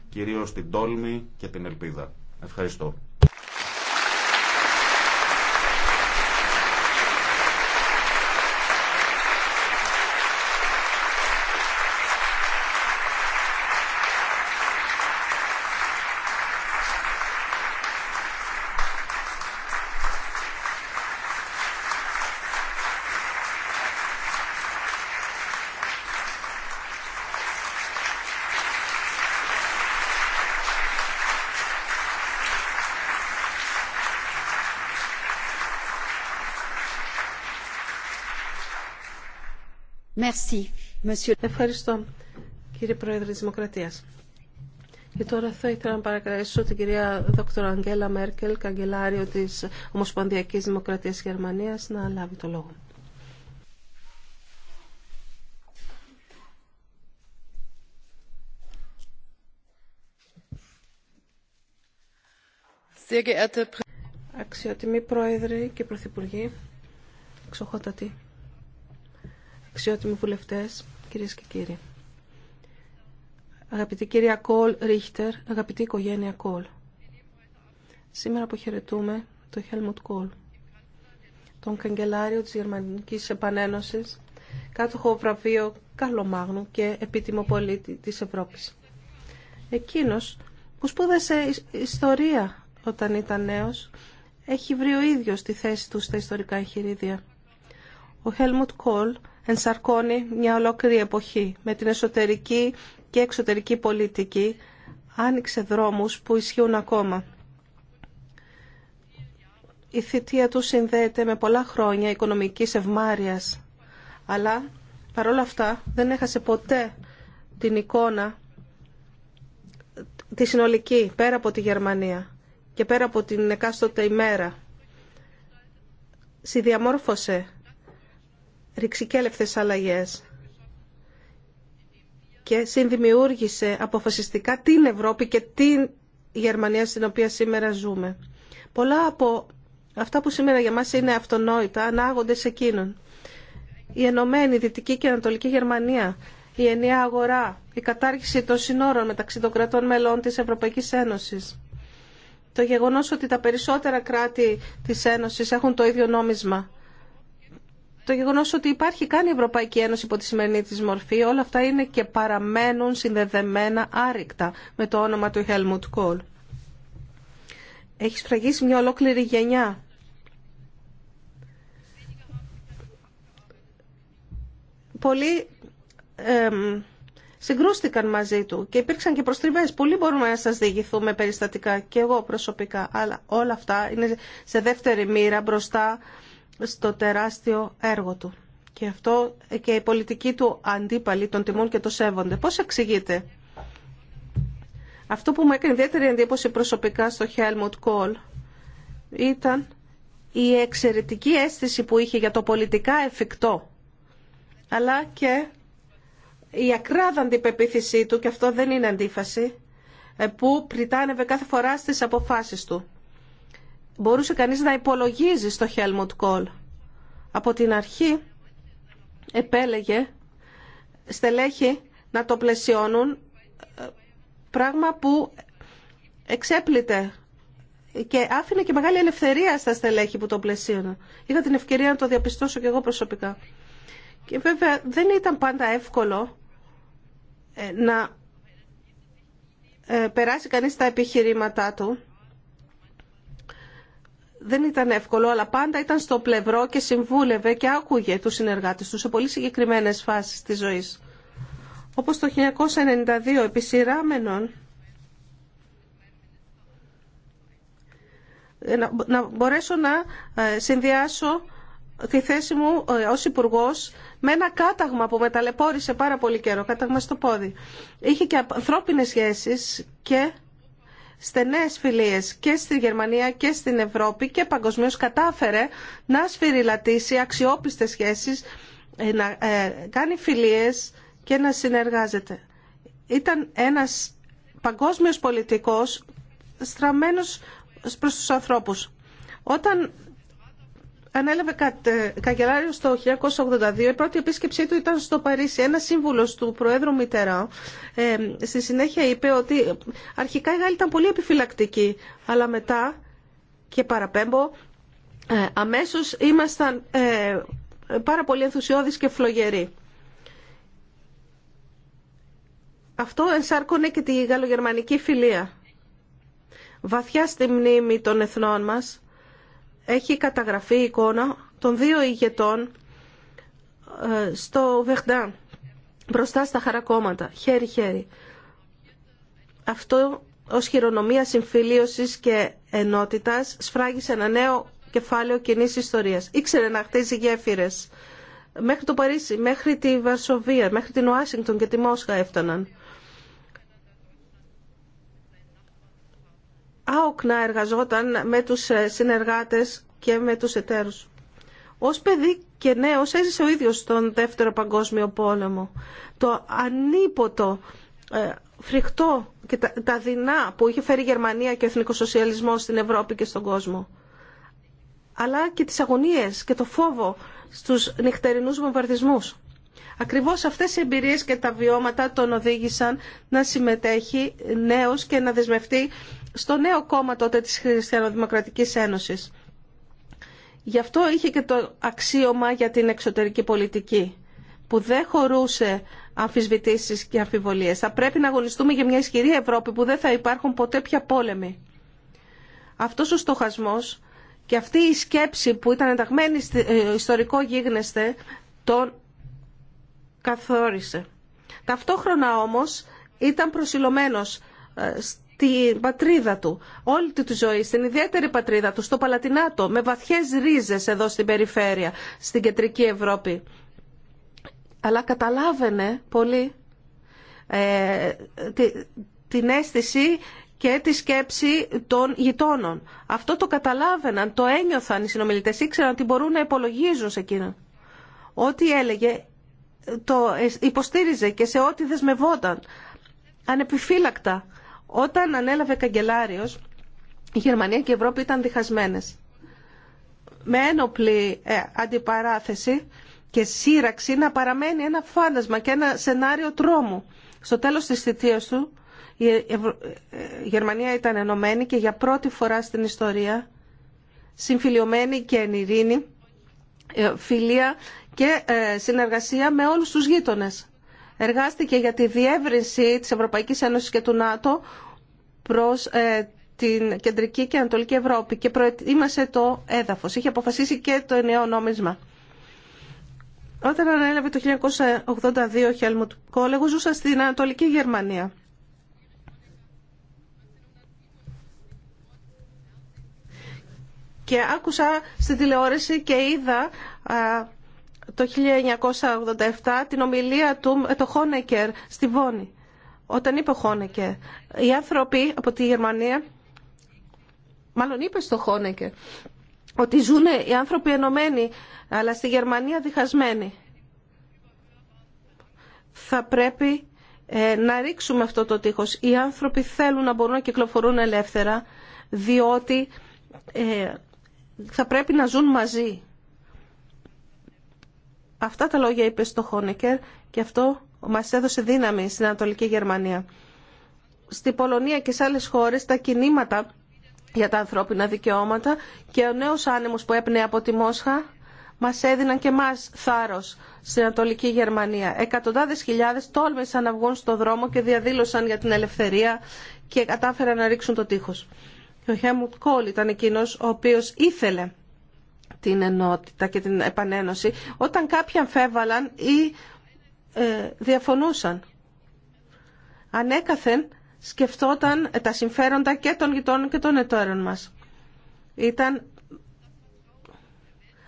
Κυρίως την τόλμη και την ελπίδα. Ευχαριστώ. Ευχαριστώ, κύριε Πρόεδρε της Δημοκρατίας. Και τώρα θα ήθελα να παρακαλέσω την κυρία Δόκτωρα Αγγέλα Μέρκελ, καγκελάριο της Ομοσπονδιακής Δημοκρατίας Γερμανίας, να λάβει το λόγο. Αξιότιμοι Πρόεδροι και Πρωθυπουργοί, εξοχότατοι αξιότιμοι βουλευτές, κυρίες και κύριοι. Αγαπητή κυρία Κόλ Ρίχτερ, αγαπητή οικογένεια Κόλ. Σήμερα αποχαιρετούμε τον Χέλμουτ Κόλ, τον καγκελάριο της Γερμανικής Επανένωσης, κάτοχο βραβείο Καλομάγνου και επίτιμο πολίτη της Ευρώπης. Εκείνος που σπούδασε ιστορία όταν ήταν νέος, έχει βρει ο ίδιος τη θέση του στα ιστορικά εγχειρίδια. Ο Χέλμουτ Κόλ ενσαρκώνει μια ολόκληρη εποχή με την εσωτερική και εξωτερική πολιτική άνοιξε δρόμους που ισχύουν ακόμα. Η θητεία του συνδέεται με πολλά χρόνια οικονομικής ευμάρειας, αλλά παρόλα αυτά δεν έχασε ποτέ την εικόνα τη συνολική, πέρα από τη Γερμανία και πέρα από την εκάστοτε ημέρα. Συνδιαμόρφωσε ρηξικέλευτες αλλαγές και συνδημιούργησε αποφασιστικά την Ευρώπη και την Γερμανία στην οποία σήμερα ζούμε. Πολλά από αυτά που σήμερα για μας είναι αυτονόητα ανάγονται σε εκείνον. Η Ενωμένη Δυτική και Ανατολική Γερμανία, η ενιαία αγορά, η κατάργηση των συνόρων μεταξύ των κρατών μελών της Ευρωπαϊκής Ένωσης. Το γεγονός ότι τα περισσότερα κράτη της Ένωσης έχουν το ίδιο νόμισμα το γεγονό ότι υπάρχει καν η Ευρωπαϊκή Ένωση υπό τη σημερινή τη μορφή, όλα αυτά είναι και παραμένουν συνδεδεμένα άρρηκτα με το όνομα του Helmut Κόλ. Έχει σφραγίσει μια ολόκληρη γενιά. Πολλοί συγκρούστηκαν μαζί του και υπήρξαν και προστριβές. Πολλοί μπορούμε να σας διηγηθούμε περιστατικά και εγώ προσωπικά, αλλά όλα αυτά είναι σε δεύτερη μοίρα μπροστά στο τεράστιο έργο του. Και αυτό και οι πολιτικοί του αντίπαλοι των τιμούν και το σέβονται. Πώς εξηγείται. Αυτό που μου έκανε ιδιαίτερη εντύπωση προσωπικά στο Helmut Kohl ήταν η εξαιρετική αίσθηση που είχε για το πολιτικά εφικτό αλλά και η ακράδαντη πεποίθησή του και αυτό δεν είναι αντίφαση ε, που πριτάνευε κάθε φορά στις αποφάσεις του μπορούσε κανείς να υπολογίζει στο Helmut Kohl. Από την αρχή επέλεγε στελέχη να το πλαισιώνουν, ε, πράγμα που εξέπλητε και άφηνε και μεγάλη ελευθερία στα στελέχη που το πλαισίωναν. Είχα την ευκαιρία να το διαπιστώσω και εγώ προσωπικά. Και βέβαια δεν ήταν πάντα εύκολο ε, να ε, περάσει κανείς τα επιχειρήματά του δεν ήταν εύκολο, αλλά πάντα ήταν στο πλευρό και συμβούλευε και άκουγε τους συνεργάτες του σε πολύ συγκεκριμένες φάσεις της ζωής. Όπως το 1992 επί σειράμενων, ε, να μπορέσω να ε, συνδυάσω ε, τη θέση μου ως υπουργό με ένα κάταγμα που με ταλαιπώρησε πάρα πολύ καιρό, κάταγμα στο πόδι. Είχε και ανθρώπινες σχέσεις και στενές φιλίες και στη Γερμανία και στην Ευρώπη και παγκοσμίως κατάφερε να σφυριλατήσει αξιόπιστες σχέσεις, ε, να ε, κάνει φιλίες και να συνεργάζεται. Ήταν ένας παγκόσμιος πολιτικός στραμμένος προς τους ανθρώπους. Όταν ανέλαβε ε, καγκελάριο το 1982. Η πρώτη επίσκεψή του ήταν στο Παρίσι. Ένα σύμβουλο του Προέδρου μητέρα, ε, στη συνέχεια είπε ότι αρχικά οι Γάλλοι ήταν πολύ επιφυλακτική, αλλά μετά και παραπέμπω, ε, αμέσως ήμασταν ε, πάρα πολύ ενθουσιώδεις και φλογεροί. Αυτό ενσάρκωνε και τη γαλλογερμανική φιλία. Βαθιά στη μνήμη των εθνών μας, έχει καταγραφεί η εικόνα των δύο ηγετών ε, στο Βεχντά, μπροστά στα χαρακόμματα, χέρι-χέρι. Αυτό ως χειρονομία συμφιλίωσης και ενότητας σφράγισε ένα νέο κεφάλαιο κοινή ιστορίας. Ήξερε να χτίζει γέφυρες. Μέχρι το Παρίσι, μέχρι τη Βαρσοβία, μέχρι την Ουάσιγκτον και τη Μόσχα έφταναν. άοκνα εργαζόταν με τους ε, συνεργάτες και με τους εταίρους. Ως παιδί και νέος έζησε ο ίδιος τον Δεύτερο Παγκόσμιο Πόλεμο. Το ανίποτο, ε, φρικτό και τα δεινά που είχε φέρει η Γερμανία και ο εθνικοσοσιαλισμός στην Ευρώπη και στον κόσμο. Αλλά και τις αγωνίες και το φόβο στους νυχτερινούς βομβαρδισμούς. Ακριβώς αυτές οι εμπειρίες και τα βιώματα τον οδήγησαν να συμμετέχει νέος και να δεσμευτεί στο νέο κόμμα τότε της Χριστιανοδημοκρατικής Ένωσης. Γι' αυτό είχε και το αξίωμα για την εξωτερική πολιτική που δεν χωρούσε αμφισβητήσεις και αμφιβολίες. Θα πρέπει να αγωνιστούμε για μια ισχυρή Ευρώπη που δεν θα υπάρχουν ποτέ πια πόλεμοι. Αυτός ο στοχασμός και αυτή η σκέψη που ήταν ενταγμένη στο ε, ιστορικό γίγνεσθε τον καθόρισε. Ταυτόχρονα όμως ήταν προσιλωμένος ε, την πατρίδα του, όλη του τη ζωή, στην ιδιαίτερη πατρίδα του, στο Παλατινάτο, με βαθιές ρίζες εδώ στην περιφέρεια, στην κεντρική Ευρώπη. Αλλά καταλάβαινε πολύ ε, την αίσθηση και τη σκέψη των γειτόνων. Αυτό το καταλάβαιναν, το ένιωθαν οι συνομιλητές, ήξεραν ότι μπορούν να υπολογίζουν σε εκείνον. Ό,τι έλεγε το ε, υποστήριζε και σε ό,τι δεσμευόταν. Ανεπιφύλακτα όταν ανέλαβε καγκελάριο, η Γερμανία και η Ευρώπη ήταν διχασμένες. Με ένοπλη ε, αντιπαράθεση και σύραξη να παραμένει ένα φάντασμα και ένα σενάριο τρόμου. Στο τέλος της θητείας του, η ε, ε, Γερμανία ήταν ενωμένη και για πρώτη φορά στην ιστορία συμφιλειωμένη και εν ειρήνη, φιλία και συνεργασία με όλους τους γείτονες εργάστηκε για τη διεύρυνση της Ευρωπαϊκής Ένωσης και του ΝΑΤΟ προς ε, την Κεντρική και Ανατολική Ευρώπη και προετοίμασε το έδαφος. Είχε αποφασίσει και το νέο νόμισμα. Όταν ανέλαβε το 1982 ο Χέλμουτ Κόλεγο ζούσα στην Ανατολική Γερμανία. Και άκουσα στην τηλεόραση και είδα το 1987 την ομιλία του με το Χόνεκερ στη Βόνη. Όταν είπε ο Χόνεκερ, οι άνθρωποι από τη Γερμανία, μάλλον είπε στο Χόνεκερ, ότι ζουν οι άνθρωποι ενωμένοι, αλλά στη Γερμανία διχασμένοι. Θα πρέπει ε, να ρίξουμε αυτό το τείχος. Οι άνθρωποι θέλουν να μπορούν να κυκλοφορούν ελεύθερα, διότι ε, θα πρέπει να ζουν μαζί. Αυτά τα λόγια είπε στο Χόνεκερ και αυτό μας έδωσε δύναμη στην Ανατολική Γερμανία. Στη Πολωνία και σε άλλες χώρες τα κινήματα για τα ανθρώπινα δικαιώματα και ο νέος άνεμος που έπνεε από τη Μόσχα μας έδιναν και μας θάρρος στην Ανατολική Γερμανία. Εκατοντάδες χιλιάδες τόλμησαν να βγουν στο δρόμο και διαδήλωσαν για την ελευθερία και κατάφεραν να ρίξουν το τείχος. Και ο Χέμουτ Κόλ ήταν εκείνος ο οποίος ήθελε την ενότητα και την επανένωση όταν κάποιοι αμφέβαλαν ή ε, διαφωνούσαν. Ανέκαθεν σκεφτόταν τα συμφέροντα και των γειτόνων και των εταίρων μας. Ήταν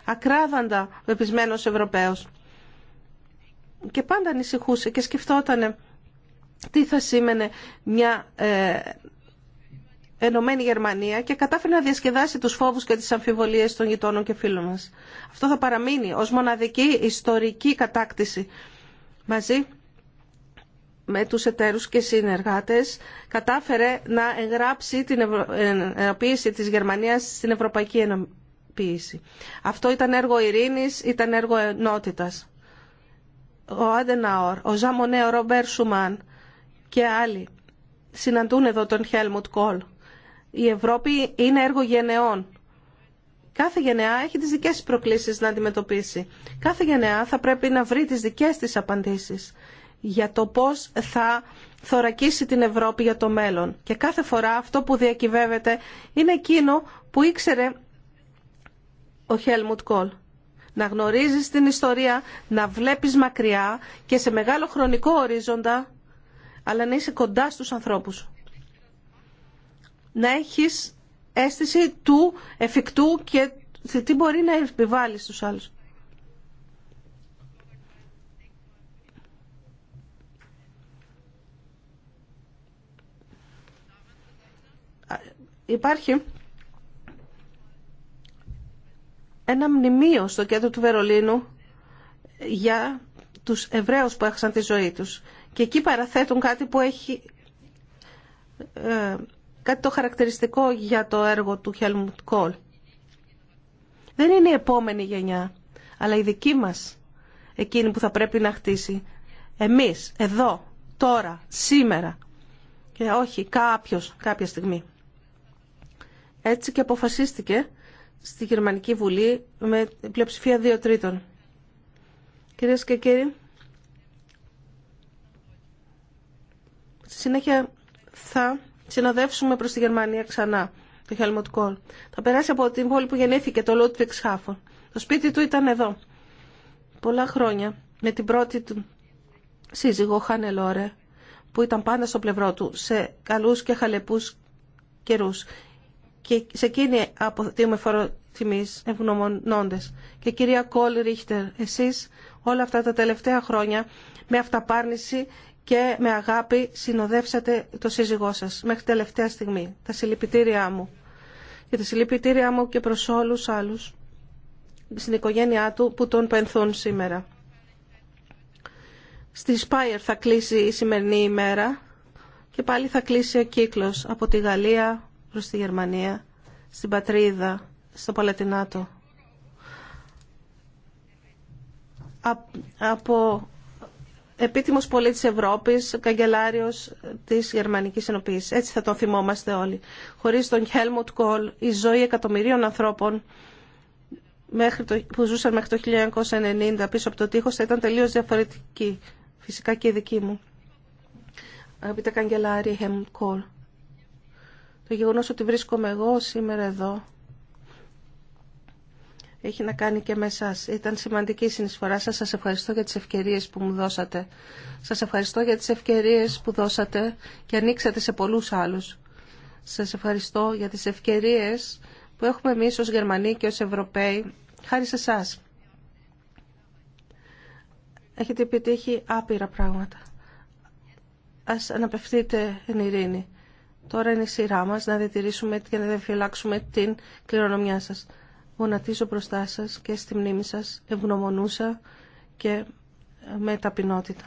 ακράδαντα πεπισμένος Ευρωπαίος. Και πάντα ανησυχούσε και σκεφτότανε τι θα σήμαινε μια ε, Ενωμένη Γερμανία και κατάφερε να διασκεδάσει τους φόβους και τις αμφιβολίες των γειτόνων και φίλων μας. Αυτό θα παραμείνει ως μοναδική ιστορική κατάκτηση. Μαζί με τους εταίρους και συνεργάτες κατάφερε να εγγράψει την ενοποίηση της Γερμανίας στην Ευρωπαϊκή Ενοποίηση. Αυτό ήταν έργο ειρήνης, ήταν έργο ενότητας. Ο Άντεναορ, ο Ζαμονέ, ο Ρομπέρ Σουμάν και άλλοι συναντούν εδώ τον Χέλμουτ Κόλ η Ευρώπη είναι έργο γενεών. Κάθε γενεά έχει τις δικές της προκλήσεις να αντιμετωπίσει. Κάθε γενεά θα πρέπει να βρει τις δικές της απαντήσεις για το πώς θα θωρακίσει την Ευρώπη για το μέλλον. Και κάθε φορά αυτό που διακυβεύεται είναι εκείνο που ήξερε ο Χέλμουτ Κόλ. Να γνωρίζεις την ιστορία, να βλέπεις μακριά και σε μεγάλο χρονικό ορίζοντα, αλλά να είσαι κοντά στους ανθρώπους να έχεις αίσθηση του εφικτού και τι μπορεί να επιβάλλει στους άλλους. Υπάρχει ένα μνημείο στο κέντρο του Βερολίνου για τους Εβραίους που έχασαν τη ζωή τους. Και εκεί παραθέτουν κάτι που έχει ε, κάτι το χαρακτηριστικό για το έργο του Χέλμουντ Κόλ. Δεν είναι η επόμενη γενιά, αλλά η δική μας εκείνη που θα πρέπει να χτίσει. Εμείς, εδώ, τώρα, σήμερα και όχι κάποιος, κάποια στιγμή. Έτσι και αποφασίστηκε στη Γερμανική Βουλή με πλειοψηφία δύο τρίτων. Κυρίε και κύριοι, στη συνέχεια θα συνοδεύσουμε προς τη Γερμανία ξανά, το Χέλμοντ Κόλ. Θα περάσει από την πόλη που γεννήθηκε, το Λούτβιξ Χάφον. Το σπίτι του ήταν εδώ. Πολλά χρόνια με την πρώτη του σύζυγο Χάνε Λόρε, που ήταν πάντα στο πλευρό του, σε καλού και χαλεπού καιρού. Και σε εκείνη αποδίδουμε με φοροτιμή ευγνωμονώντε. Και κυρία Κόλ Ρίχτερ, εσεί όλα αυτά τα τελευταία χρόνια με αυταπάρνηση και με αγάπη συνοδεύσατε το σύζυγό σας μέχρι τελευταία στιγμή. Τα συλληπιτήριά μου και τα συλληπιτήριά μου και προς όλους άλλους στην οικογένειά του που τον πενθούν σήμερα. Στη Σπάιερ θα κλείσει η σημερινή ημέρα και πάλι θα κλείσει ο κύκλος από τη Γαλλία προς τη Γερμανία, στην Πατρίδα, στο Παλατινάτο. Από επίτιμος πολίτης Ευρώπης, καγκελάριος της Γερμανικής Ενοποίησης. Έτσι θα τον θυμόμαστε όλοι. Χωρίς τον Χέλμουτ Κόλ, η ζωή εκατομμυρίων ανθρώπων μέχρι το, που ζούσαν μέχρι το 1990 πίσω από το τείχος θα ήταν τελείως διαφορετική. Φυσικά και η δική μου. Αγαπητέ καγκελάρι Χέλμουτ Κόλ, το γεγονός ότι βρίσκομαι εγώ σήμερα εδώ έχει να κάνει και με εσά. Ήταν σημαντική η συνεισφορά Σα Σα ευχαριστώ για τι ευκαιρίε που μου δώσατε. Σα ευχαριστώ για τι ευκαιρίε που δώσατε και ανοίξατε σε πολλού άλλου. Σα ευχαριστώ για τι ευκαιρίε που έχουμε εμεί ω Γερμανοί και ω Ευρωπαίοι, χάρη σε εσά. Έχετε επιτύχει άπειρα πράγματα. Α αναπευθείτε εν ειρήνη. Τώρα είναι η σειρά μα να διατηρήσουμε και να διαφυλάξουμε την κληρονομιά σας γονατίζω μπροστά σας και στη μνήμη σας ευγνωμονούσα και με ταπεινότητα.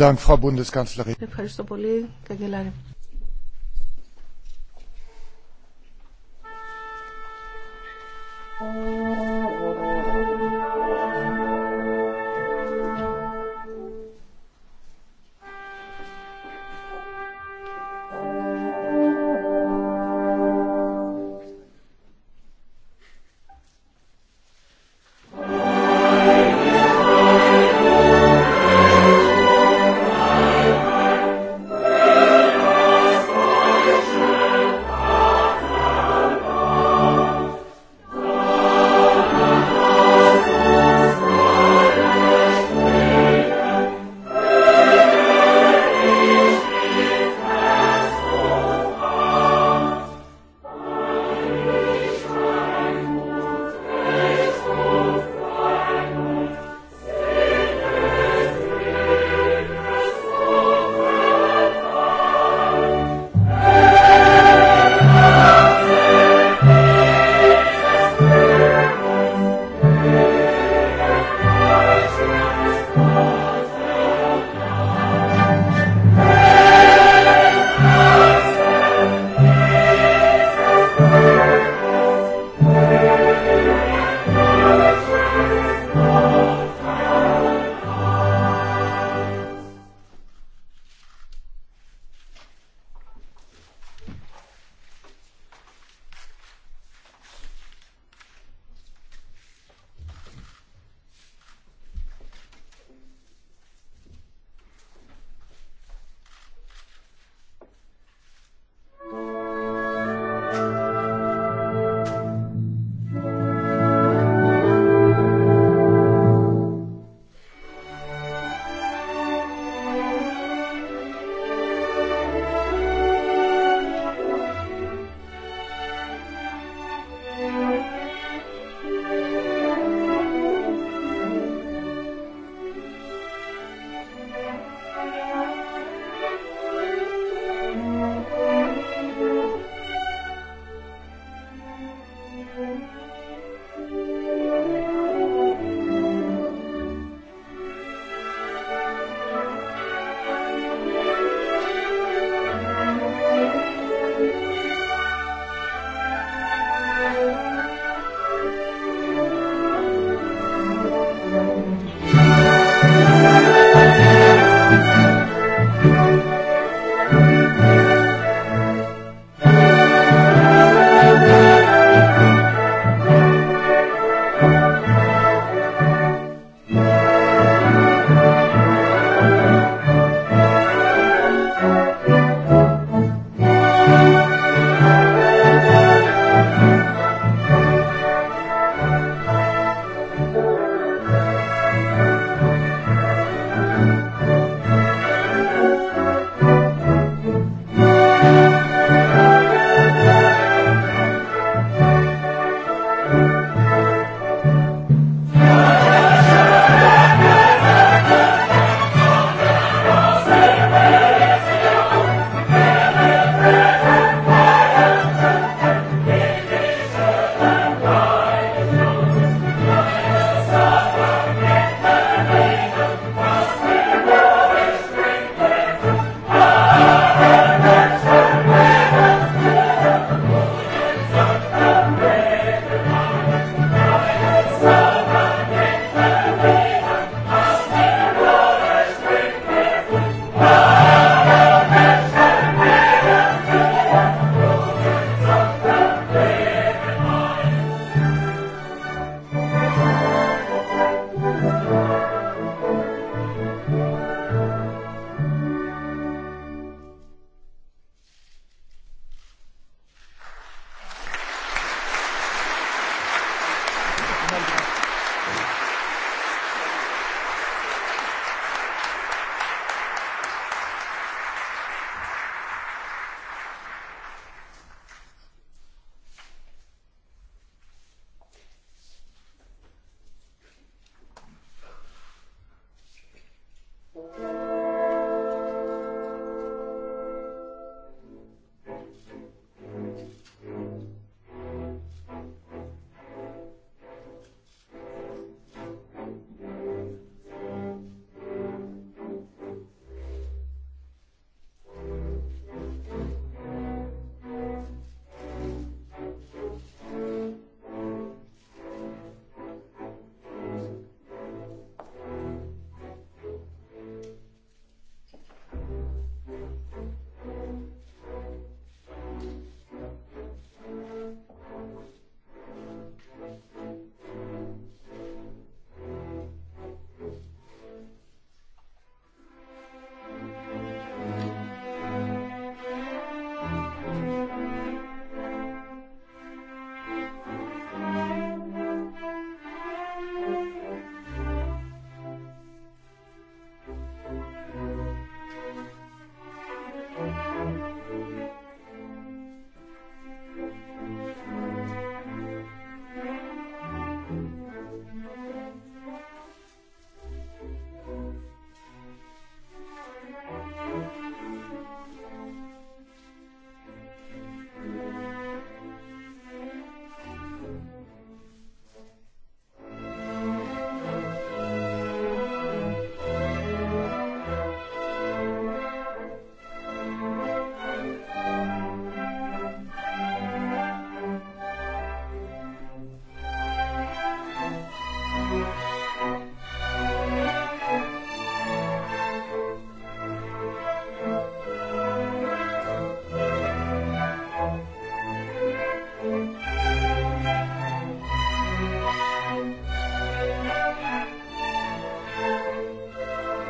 Ευχαριστώ πολύ, Καγκελάρη.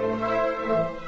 Thank you.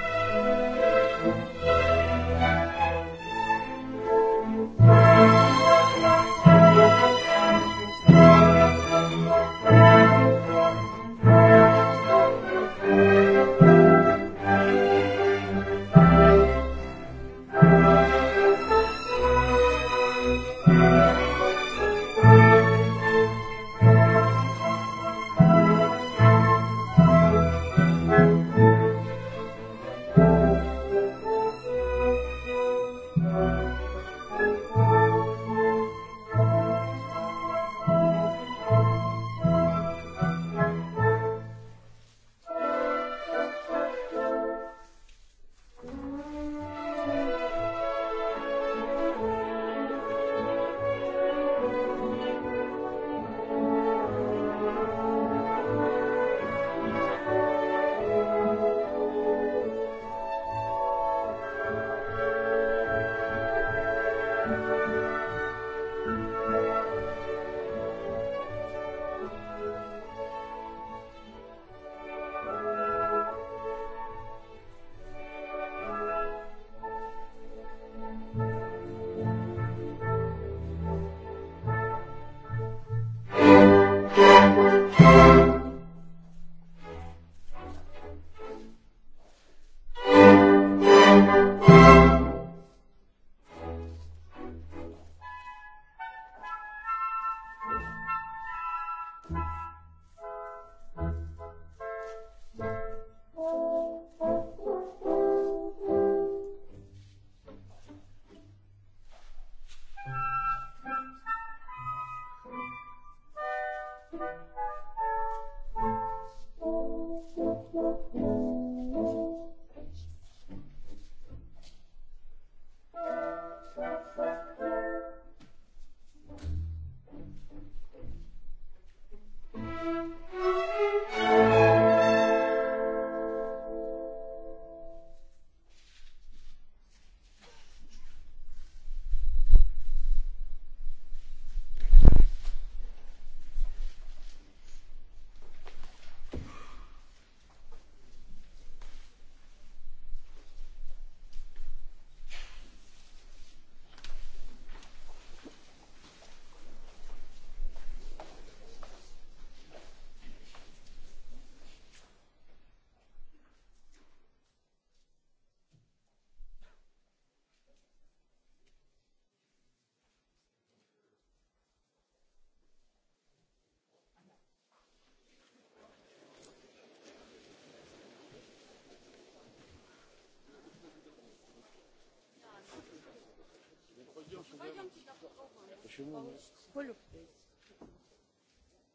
почему? Полю.